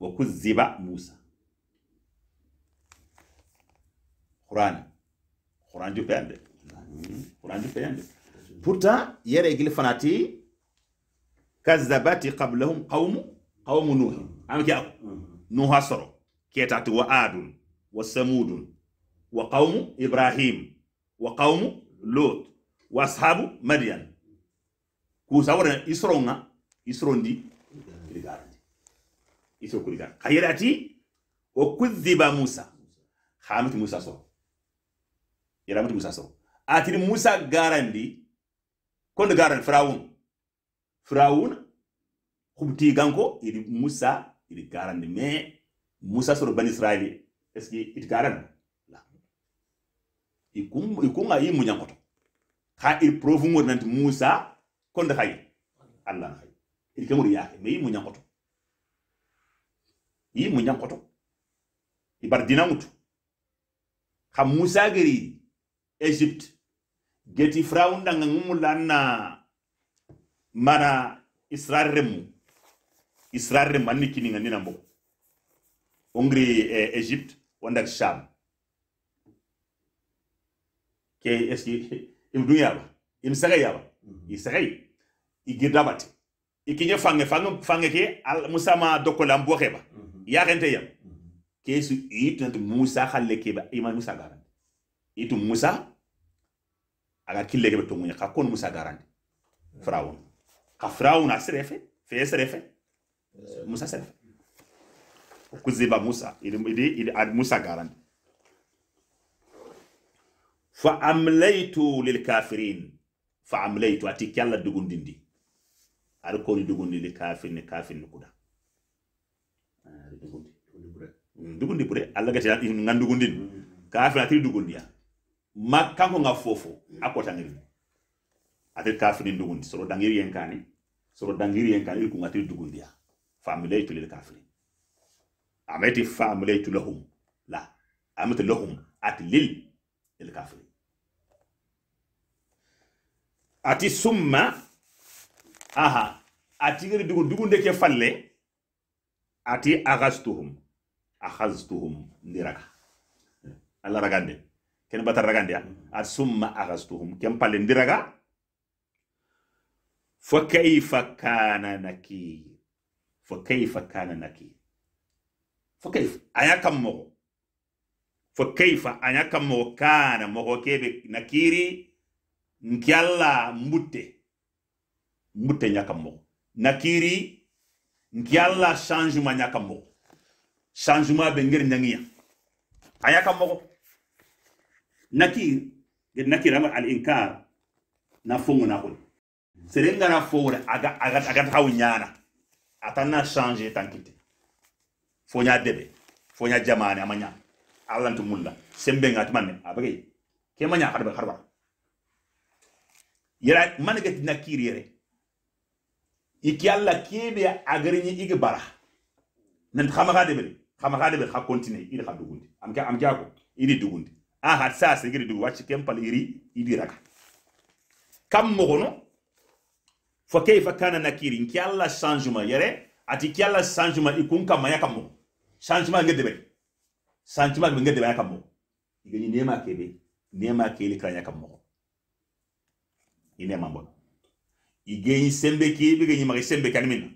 وكذب موسى قرآن قرآن جو فياندي قرآن جو فياندي بورتا يرى يقول فناتي كذبات قبلهم قوم قوم نوح عم كي نوح سرو كيتات وعاد وآد وثمود وقوم إبراهيم وقوم لوط وأصحاب مدين كوسا ورن إسرونا إسرون دي isokulika kayere ati okudhiba musa hamuti musa so yaramuti musa so atiri musa garandi kondo garandi firaun firaun hubti ganko iri musa iri garandi me musa soro ban israeli est ce que iti garandi la ikum ikunga yi munyankoto ha iri profu ngor nanti musa kondo hayi allah hayi iri kemuri yake me yi munyankoto i muñan koto i bar dinaŋutu xa musa geri egypt geti firawundaŋa ŋumulla an na mana israel remu israel rem anni kiniŋa ndina mbogo wongiri eh, égypte wondak sham ke est im duŋ yaba im segey yaba mhm. i segey i girdabate i fange fange fange ke al musama dokkole an boxeba mm -hmm. yaxente yam kesu itunati musa xalle kebe iman musa garanti itu musa aga kille kebe tonguña xa kon musa garanti frawun xa frawun a serefe fe serefe musa serefe kuziba musa idi idi ad musa garanti fa amlaytu lil kafirin fa amlaytu ati kyalla dugundindi ar koni lil kafirin kafirin kuda dugundi bure alla hmm, ga Allah ngan dugundin hmm. ka afra ti dugundiya makka ko nga fofo hmm. akota ngiri atel ka afri dugundi soro dangiri en kani soro dangiri en kani ko ngati dugundiya familay tulil kafri famile to lahum la ameti lahum atlil il kafri ati summa aha Ati dugun dugunde ke falle ati aghastuhum akhaztuhum ndiraka ala ragande ken batar ragande ya mm-hmm. at summa aghastuhum ken pale ndiraga fa kayfa kana nakir fa kayfa kana naki fa kayf aya kam fa kayfa aya kam kana mogo kebe nakiri nkialla mbute mbute nyakam mo nakiri nki alla changement nyaka mo changement be ngir nyangiya ayaka mo naki naki rama al inkar na fongo na ko serenga na fowre aga aga aga tawu nyana atana changer tankite fonya debe fonya jamane amanya allah to mulla sembe ngat manne abage ke manya harba harba yara man get nakiri yere iki alla kebe agarini igi bara nan khama ga debere khama ga debere kha continue iri kha dugundi am ka am jago iri dugundi a ah, har sa se iri dugu wachi kempal iri iri raka kam mo gono fo kayfa kana nakiri ki yalla changement yere ati ki yalla changement ikun kam manya kam mo changement ngi debere changement ngi debere kam mo ni nema kebe nema kele kanya kam mo inema mambo igeñi sembe ki bigeñi magi sembe kan min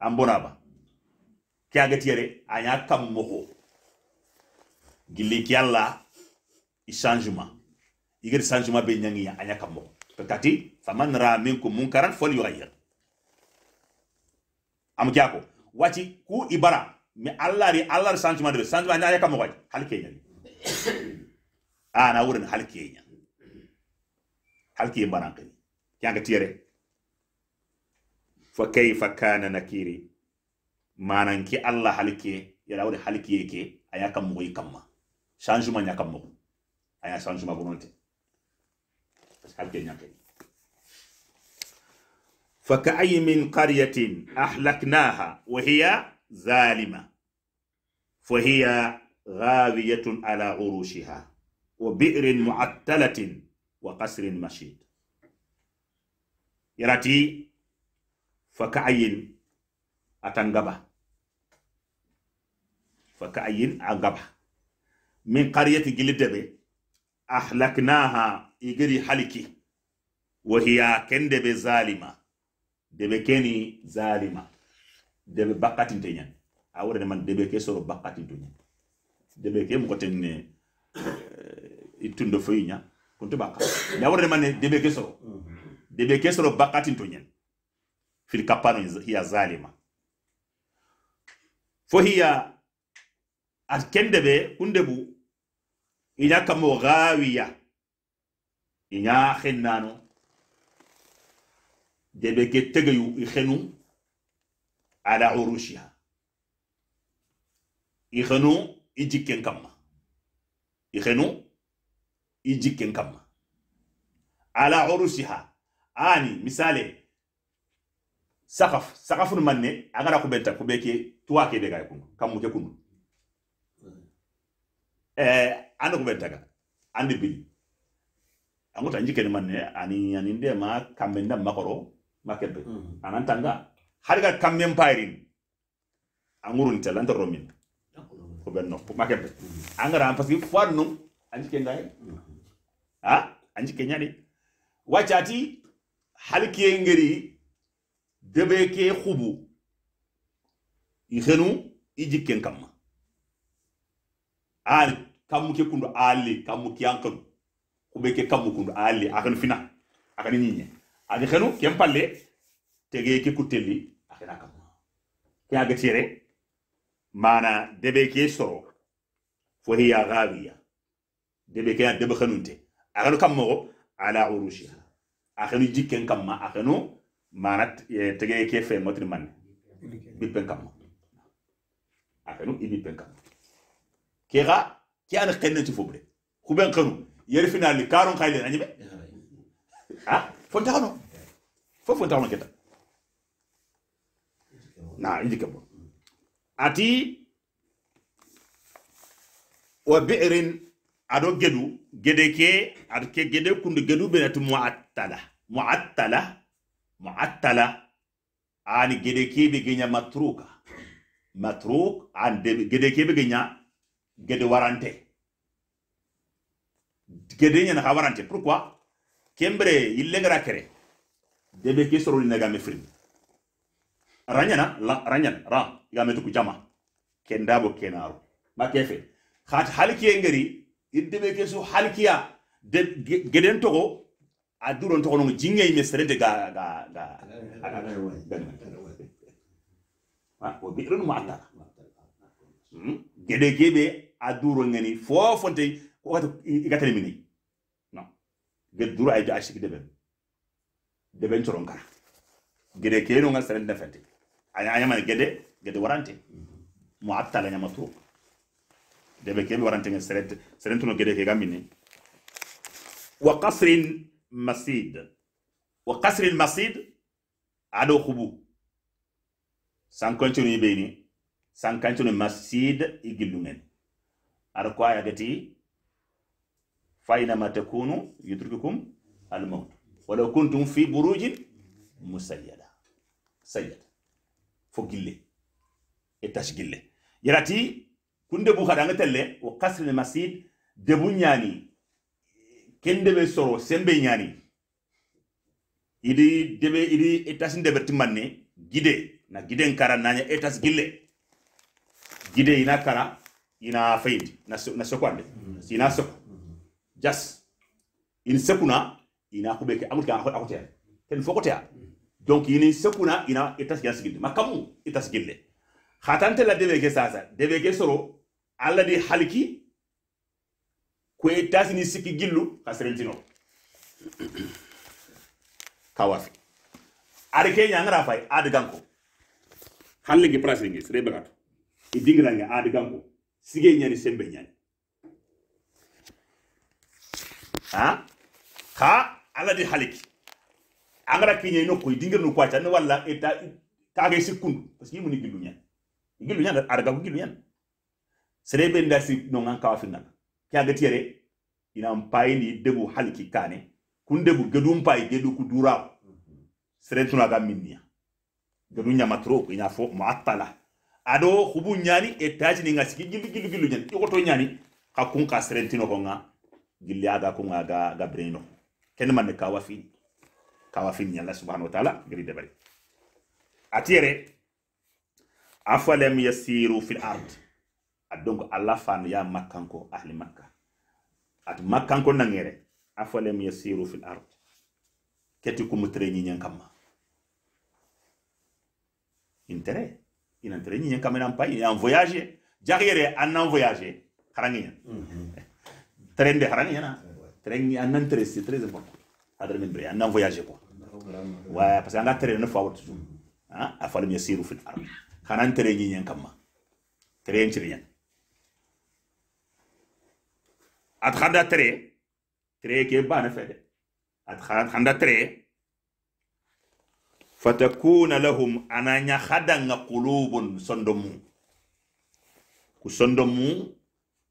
an bonaba ke agatiyere anya kam moho gilli ki la i changement igeri changement be ñangi anya kam moho kati faman ra minkum munkaran fol yughayyir am ko wati ku ibara mi allah ri allah changement de changement anya kam moho hal kenya ana ah, wurin hal kenya hal kenya banan kan kanga tiyere فكيف كان نكيري ما نكي الله حلكي يا لو حلكي يكي أيا كم مغي كم ما شانجوما يا كم مغ أيا شانجوما بمنته بس حلكي نكي فكأي من قرية أحلكناها وهي ظالمة فهي غاوية على عروشها وبئر معتلة وقصر مشيد يراتي fakayin atangaba fakayin agaba min qaryati gilidebe ahlaknaha igiri haliki wa hiya kendebe zalima debe keni zalima debe bakati teñan a wurene man debe ke soro bakkatin tuñan debe ke mo tenne eh, ittundo foyiña kuntu bakka ya wurene man debe ke soro mm-hmm. debe ke soro bakkatin tuñan fil kafarin e hiya e zalima fo hiya a kende be kunde bu inya kamo gawiya inya hennano debe ke tegeyu ihenu ala urushiha ihenu ijikken kamma i ijikken kamma ala urusiha ani misale sakaf sakafu ni manne agana kubeta kubeke tuwa ke daga kun kamu ke kunu hmm. eh ando kubeta ga andi bili anguta njike ni manne ani ani nde ma kamenda makoro makebe mm -hmm. anantanga hariga kamem pairin angurun talanta romin ko benno ko makebe hmm. angara am parce que anji non anjike ngai ha hmm. ah, anjike nyani wachati halkiye ngeri debe ke hubu i henu i jikken kamma ali kammu ke kundu ali kammu ke ankanu kube ke kammu kundu ali akan fina akan nyinye adi henu kem palle tege ke kutelli akana kamma ke aga tire mana debe ke soro fo hiya ghawiya debe ke debe khanunte akan kammo ala urushiha akan jikken kamma akanu manat eh, tege ke fe motri man bi pen kam no ibi pen kam ke ga ke an qenne ti fobre ku ben kanu yeri finali karon khayle nani be ha fo ta fo fo fon keta na inji kabo ati wa bi'rin ado gedu gede ke ad ke gede kundu gedu benatu mu'attala mu'attala muattala ani gede kebe genya matruka matruk an gede kebe genya gede warante gede nyana ha warante pourquoi kembre illegara kere debe ke soro lina game frim ranyana la ranyan ra game tuku jama kendabo kenaro makefe khat halki engeri idebe ke aduron to kono jinge me serede ga ga ga wa o bi'run mu'attala gede gebe aduro ngani fofonte wakati igatani mini no gede duro ay ashik deben deben coron kara gede keno ngal serede fente anya anya man gede gede warante mu'attala nyama to debe kebe warante ngal serede serede no gede ke gamini wa qasrin مسيد وقصر المسيد عدو خبو بيني يبيني سانكونتونو مسيد يجلونن أركوا جتي فاينما تكونوا يترككم الموت ولو كنتم في بروج مسيدة سيد إتاش اتشجلي يراتي كنت بوخا دانتلي وقصر المسيد دبنياني kende be soro sembe nyani idi debe idi etas ndebe timanne gide na gide kara nanya etas gille gide ina kara ina faid na so, na sokwande mm-hmm. ina sok mm-hmm. jas in sekuna ina kubeke amul ka akote ken fokote mm-hmm. donc ina sekuna ina etas gas gille makamu etas gille khatante la debe ke sasa debe ke soro alla di halki kwe ni siki gillu ka serentino kawafi ari kenya ngara fay ad ganko halle gi prasi ngi sere ad ganko sige nyani sembe nyani ha ka ala di haliki angara kenya no koy dingir no kwacha ne walla eta kage sikundu parce que muni gilu nyani gilu nyani ad ganko gilu nyani sere benda si no ngan kawafi kyagetiere ina mpai ni degu halki kane kun degu gedu mpai gedu kudura mhm. seretuna ga minniya gedu nyama trop ina fo muattala ado hubu nyani etaji ni ngasiki gilu gilu gilu nyani yokoto nyani ka kun ka serentino ko nga gilli aga ko nga ga ga breno ken man ka wafi ka wafi ni allah subhanahu wa ta'ala giri debari atiere afalem yasiru fil ard a donc alla fanu ya makkanko ahli makka ati makkanko nangere afalem yasiru fil ard keti kumutere ñiñen kamma intere inantere ñiñen kamma nan pay en voyager jaxyere an nan voyager harangiñen mm -hmm. train de harangiñena mm-hmm. train an nan c'est très important adremin bre an nan voyager quoi mm-hmm. ouais parce que anga train ne fawat toujours hein afalem yasiru fil ard hanan tere ñiñen kamma tere ñiñen at khanda tere tere ke bana fede at khanda tere fatakuna lahum ananya khadanga qulubun sondomu ku sondomu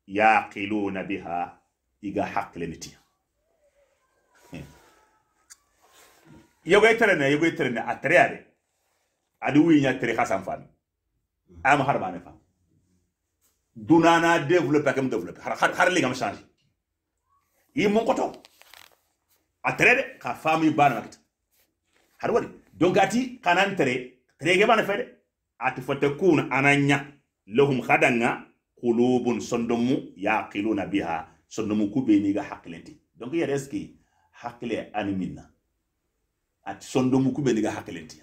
yaqiluna biha iga haqlenitiya yogoy terene yogoy terene a tere ade adi wiña tere khasan fan am harbane fan dunana développer kam développer har har ligam changer i monkoto a tere de ka faamu baanama makita hari wadi donc kana kanan tere ti bana te ati ana ananya lahum khadanga qulubun sondomu yaqiluna biha sondomu ni ga hakilenti donc yere eski hakile a ti sondomu ni ga hakilenti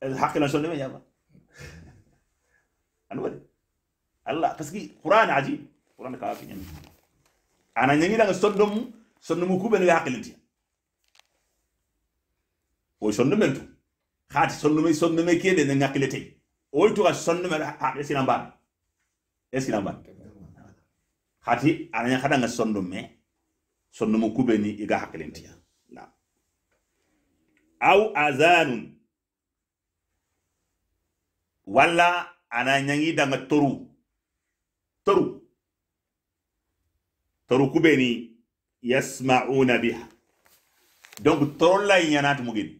eh, hakila sondomu yaba anwadi Allah parce que Qur'an ajib Qur'an ka afinya ana sondum sondum ku ben we haqqilinti o sondomen tu haati sondome sondome keɓe ne ngakkilitey oy tuga sondome haqi sina mbaɗa e sina sondum me sondum ku ben sondomu ga iga haqqilintiya aw azanun wala ana daga toru toru taruku be ni yasma'una biha donc toron la yana tumugin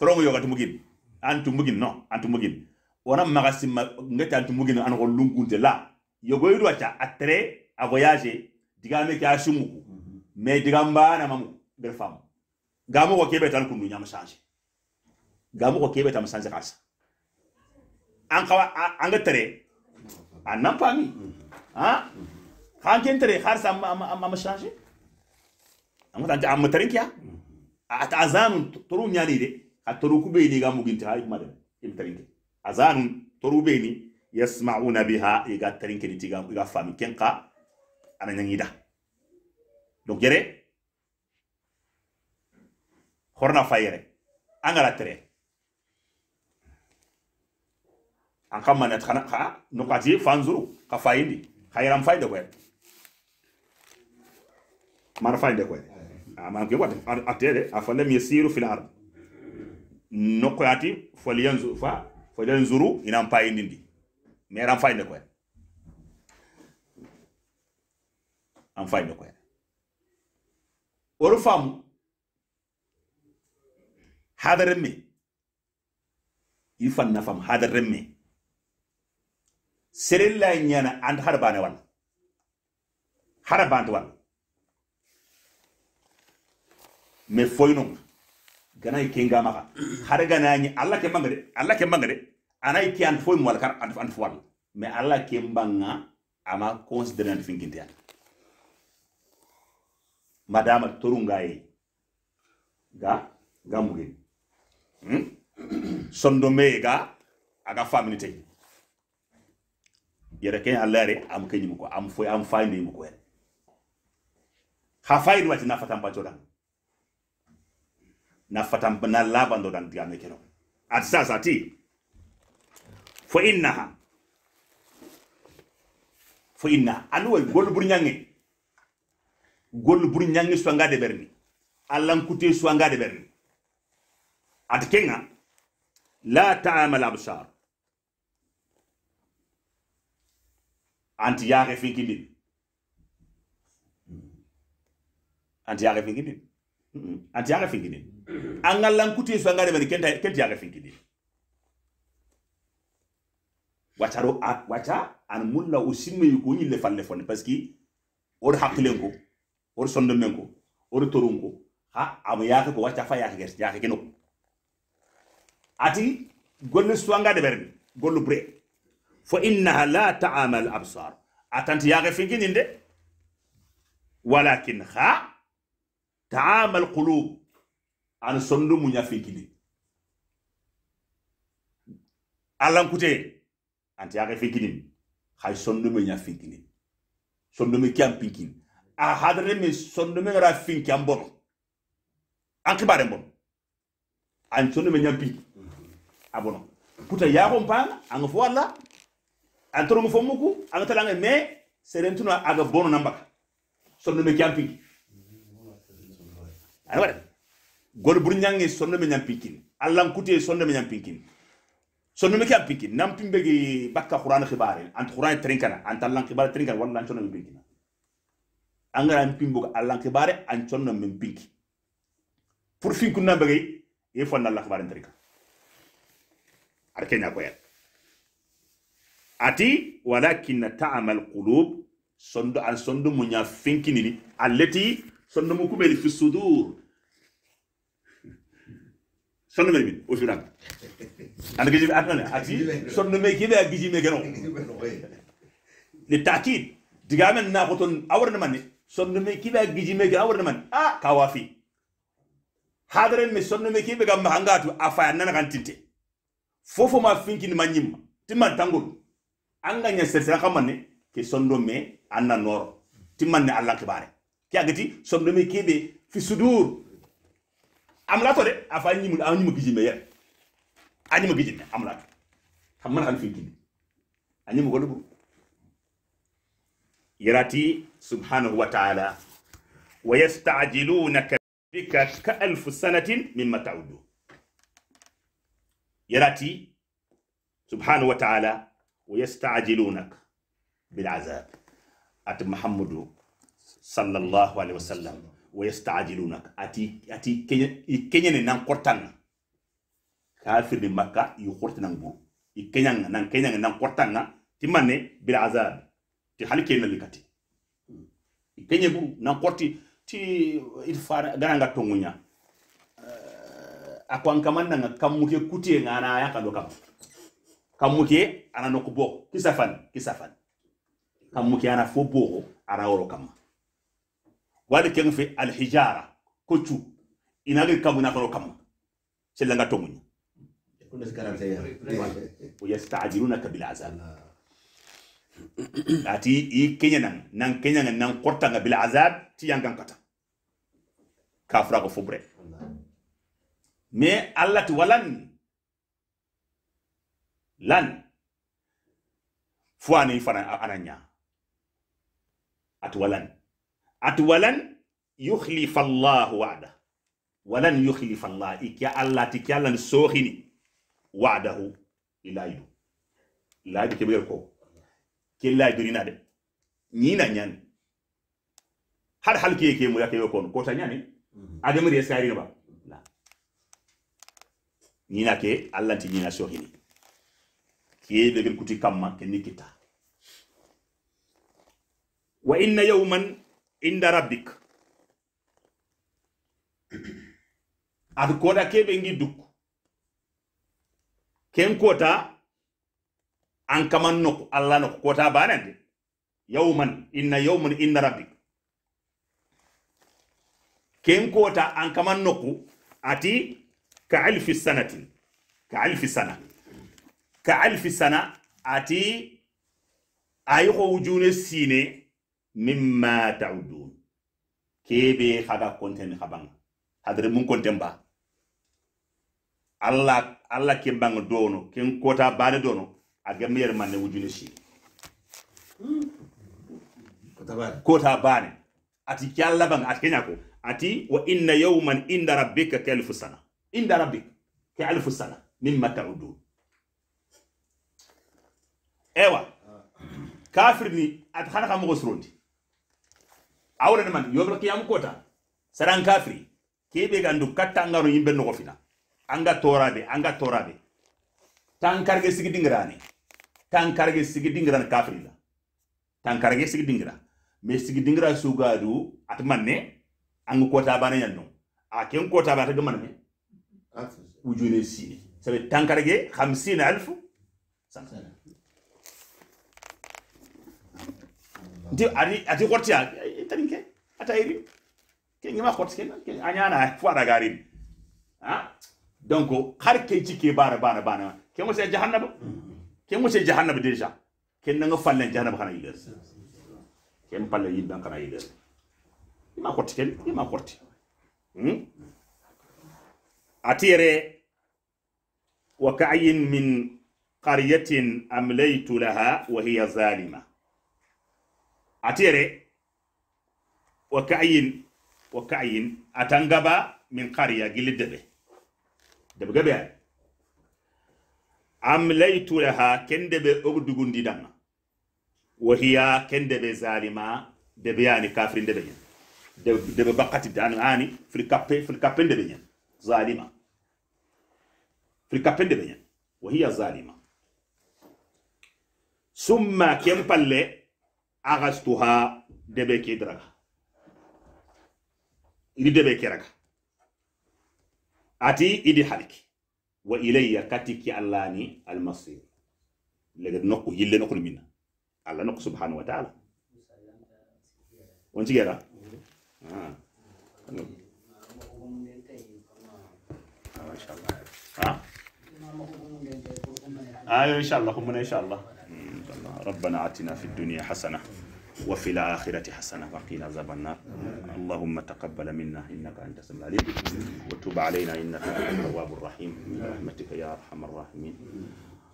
yo yoga tumugin an tumugin no an tumugin wana magasi ngata an tumugin an ko lungunte la yogo do ta atre a voyage digame ka shumu mhm. me digamba na mamu ber fam gamu ko kebe tan kunu nyam change gamu ko kebe tan change kasa an kawa an ga tre mhm. an nan fami mhm. ha han kentere har sa amma change amma tanti amma a ata azanun toru nyani de a toru kube ni ga muginta hay made im tarinki azanun toru be ni yasma'una biha iga tarinki ni tiga iga fami kenka ana nyangida donc yere horna fayere angala tere an kan manat kana ka fan fanzuru ka fayindi khayran fayda ko de fayde a mana ke wata attede a falam yasiru fil ard nokkoyati falyanzu fa falyanzuru inan payindindi mais ran fayde koye an fayde koye oɗo faamu hada remme i fanna fam hada remme serella ñana anda hada bane walla hada bante walla me foyno gana i kenga maxa xare gana ñi alla ke mbanga de ke mbanga ana i ke an foy mwal kar an fo wal mais alla ke mbanga ama considéré an finkinte an madama turunga ye ga ga mugen hmm? sondo me e ga aga famini te yere ken alla re am kenyi ko am foy am fayni ko ha fayni wati nafata mbacodan na fatan laban labando dan digame keno ati sasa ti fo innaha fo inna anu way gol bur nyange gol bur nyange so ngade berni allan kute so ngade berni ati kenga la ta'amal absar anti yare finkilin anti yare finkilin anti yare finkilin an allan kuti su angare mani kenta kenta aga finkidi wacharo a wacha an mulla usimme yuko ni le lefan fon parce que or hakilenko or sondomenko or torunko ha amu yaake ko wacha fa yaake gerti yaake kino ati golle suanga de berni gollu bre fo innaha la ta'amal absar atanti yaake finkidi de walakin ha ta'amal qulub an sondu munya fikili alan kute anti ake fikini hay sondu munya fikini sondu mi kiam pikini a hadre mi sondu mi ra fin kiam bono an kibare bono an sondu mi a bono kuta yago mpan an fo alla an toro fo muku an talanga me serentuna aga bono nambaka sondu mi kiam pikini anwara gol burnyange sonno me nyam pikin allan kute sonno me nyam pikin sonno me kyam pikin nam pimbe ge bakka qur'an khibare ant qur'an trinkana ant allan khibare trinkana walla ant sonno me pikin angara pimbo allan khibare ant sonno me pikin pour fin kunna bege e fonna allan khibare trinkana arkena ko yar ati walakin ta'amal qulub sondo an sondo munya finkinini allati sondo mu kubeli fi sudur sonnomemi o suuɗaka ana gijimi atone ati sonnomey kiɓe a na geno le takid digamen nako toon awarne manne sonnomey kiɓe a gijime geno awarne manne a ka wafi hadaren mi sonnomey kiɓe gamma hangatu a faya nana kan tinte fofoma finkini ma ñimma timman tangol an ga ña sersera kam manne ke sondo me anna noro timmanne allah kibare ke agati sondome keɓe fi sudur amlato de afa ñimul a ñima gijime yere a أنا gijime amlato xam man xam fi gindi a ñima golu bu يراتي سبحانه وتعالى ويستعجلونك بك كألف سنة مما تعود يراتي سبحانه وتعالى ويستعجلونك بالعذاب أت محمد صلى الله عليه وسلم wa yastajilunaka ati ati kenya kenya ne nan kortan kafir ni makka yu kortan i ikenya nan kenya nan kortan timane bil azab ti halike na likati ikenya bu nan korti ti ilfara gananga tongunya eh, akwan kamanna nga kamuke kutie nga na ya kando kam kamuke ana nokubo kisafan kisafan kamuke ana fobo ara oro kama wadi ke fe alhijara hijara ko cu inagi kamu na kono kamu selanga to munya wa yasta'jilunaka bil azab ati i kenya nan nan kenya nan nan korta nga bil azab ti yangan kata kafra ko fubre me allah ti walan lan fuani fana ananya ati walan ati walan yukhlifa allah wa'da walan yukhlifa allah ikya allah ti kya lan sohini wa'dahu ilaydu laaju ke ɓeer ko ke na de na nyan har hal ke ke ko kewe kono kota ñani mhm. ademri sarino ba na ke ni na sohini ke ɓegen kuti kamma ke nikita wa inna yawman inda rabbik ad koda ke bengi duk ken kota an kaman noko allah nok kota banande yawman inna yawman inda rabbik ken kota an kaman noko ati ka alfi sanati. ka alfi sana ka alfi sana ati ayi ko wujune sine mimma ta'udun kebe khaga konten khabang hadre mun konten ba alla alla ke bang dono ken kota bane dono age mer manne wujune shi kota bane kota bane ati kyalla bang ati kenya ko ati wa inna yawman inda rabbika ka alf sana inda rabbika ka alf sana mimma ta'udun ewa kafir ni at khana khamo srondi awre man yobra kiyam kota saran kafri kebe gandu katta ngaro yimbe no fina anga torabe anga torabe tan karge sigi dingrani kafri la tan karge me sigi sugadu atmanne angu kota bana yanno a kota bana ga manne ujune sine sabe tan 50000 ati ati atayrin ken ngima khot ken ken anyana fuara garin ha donc har ke jike bana bana bana ken mo se jahannam ken mo se jahannam deja ken nga fallen jahannam kana yider ken palle yiddan kana yider ima khot ken ima khot hmm atire wa ka'in min qaryatin amlaytu laha wa hiya zalima atire wa ka'yin wa ka'yin atangaba min qarya gilidebe debe gabe amlaytu laha kendebe ogdugundi danga wa hiya kendebe zalima debe yani kafirin debe yan debe bakati dani ani fil kappe fil kappe debe yan zalima fil kappe debe yan wa hiya zalima summa kempalle agastuha debe kidraga idi debe keraka ati idi haliki wa ilayya katiki allani almasir lega nokku yille nokku minna alla nokku subhanahu wa ta'ala won cigera ah آه إن شاء الله هم إن شاء الله ربنا آتنا في الدنيا حسنة وفي الآخرة حسنة وقنا عذاب النار اللهم تقبل منا إنك أنت السميع العليم وتب علينا إنك أنت التواب الرحيم برحمتك يا أرحم الراحمين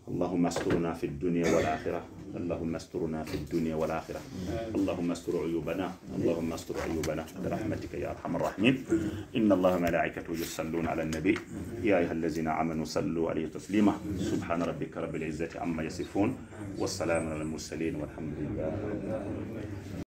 اللهم استرنا في الدنيا والآخرة اللهم استرنا في الدنيا والآخرة اللهم استر عيوبنا اللهم استر عيوبنا برحمتك يا أرحم الراحمين إن الله ملائكته يصلون على النبي يا أيها الذين آمنوا صلوا عليه تسليما سبحان ربك رب العزة عما يصفون والسلام على المرسلين والحمد لله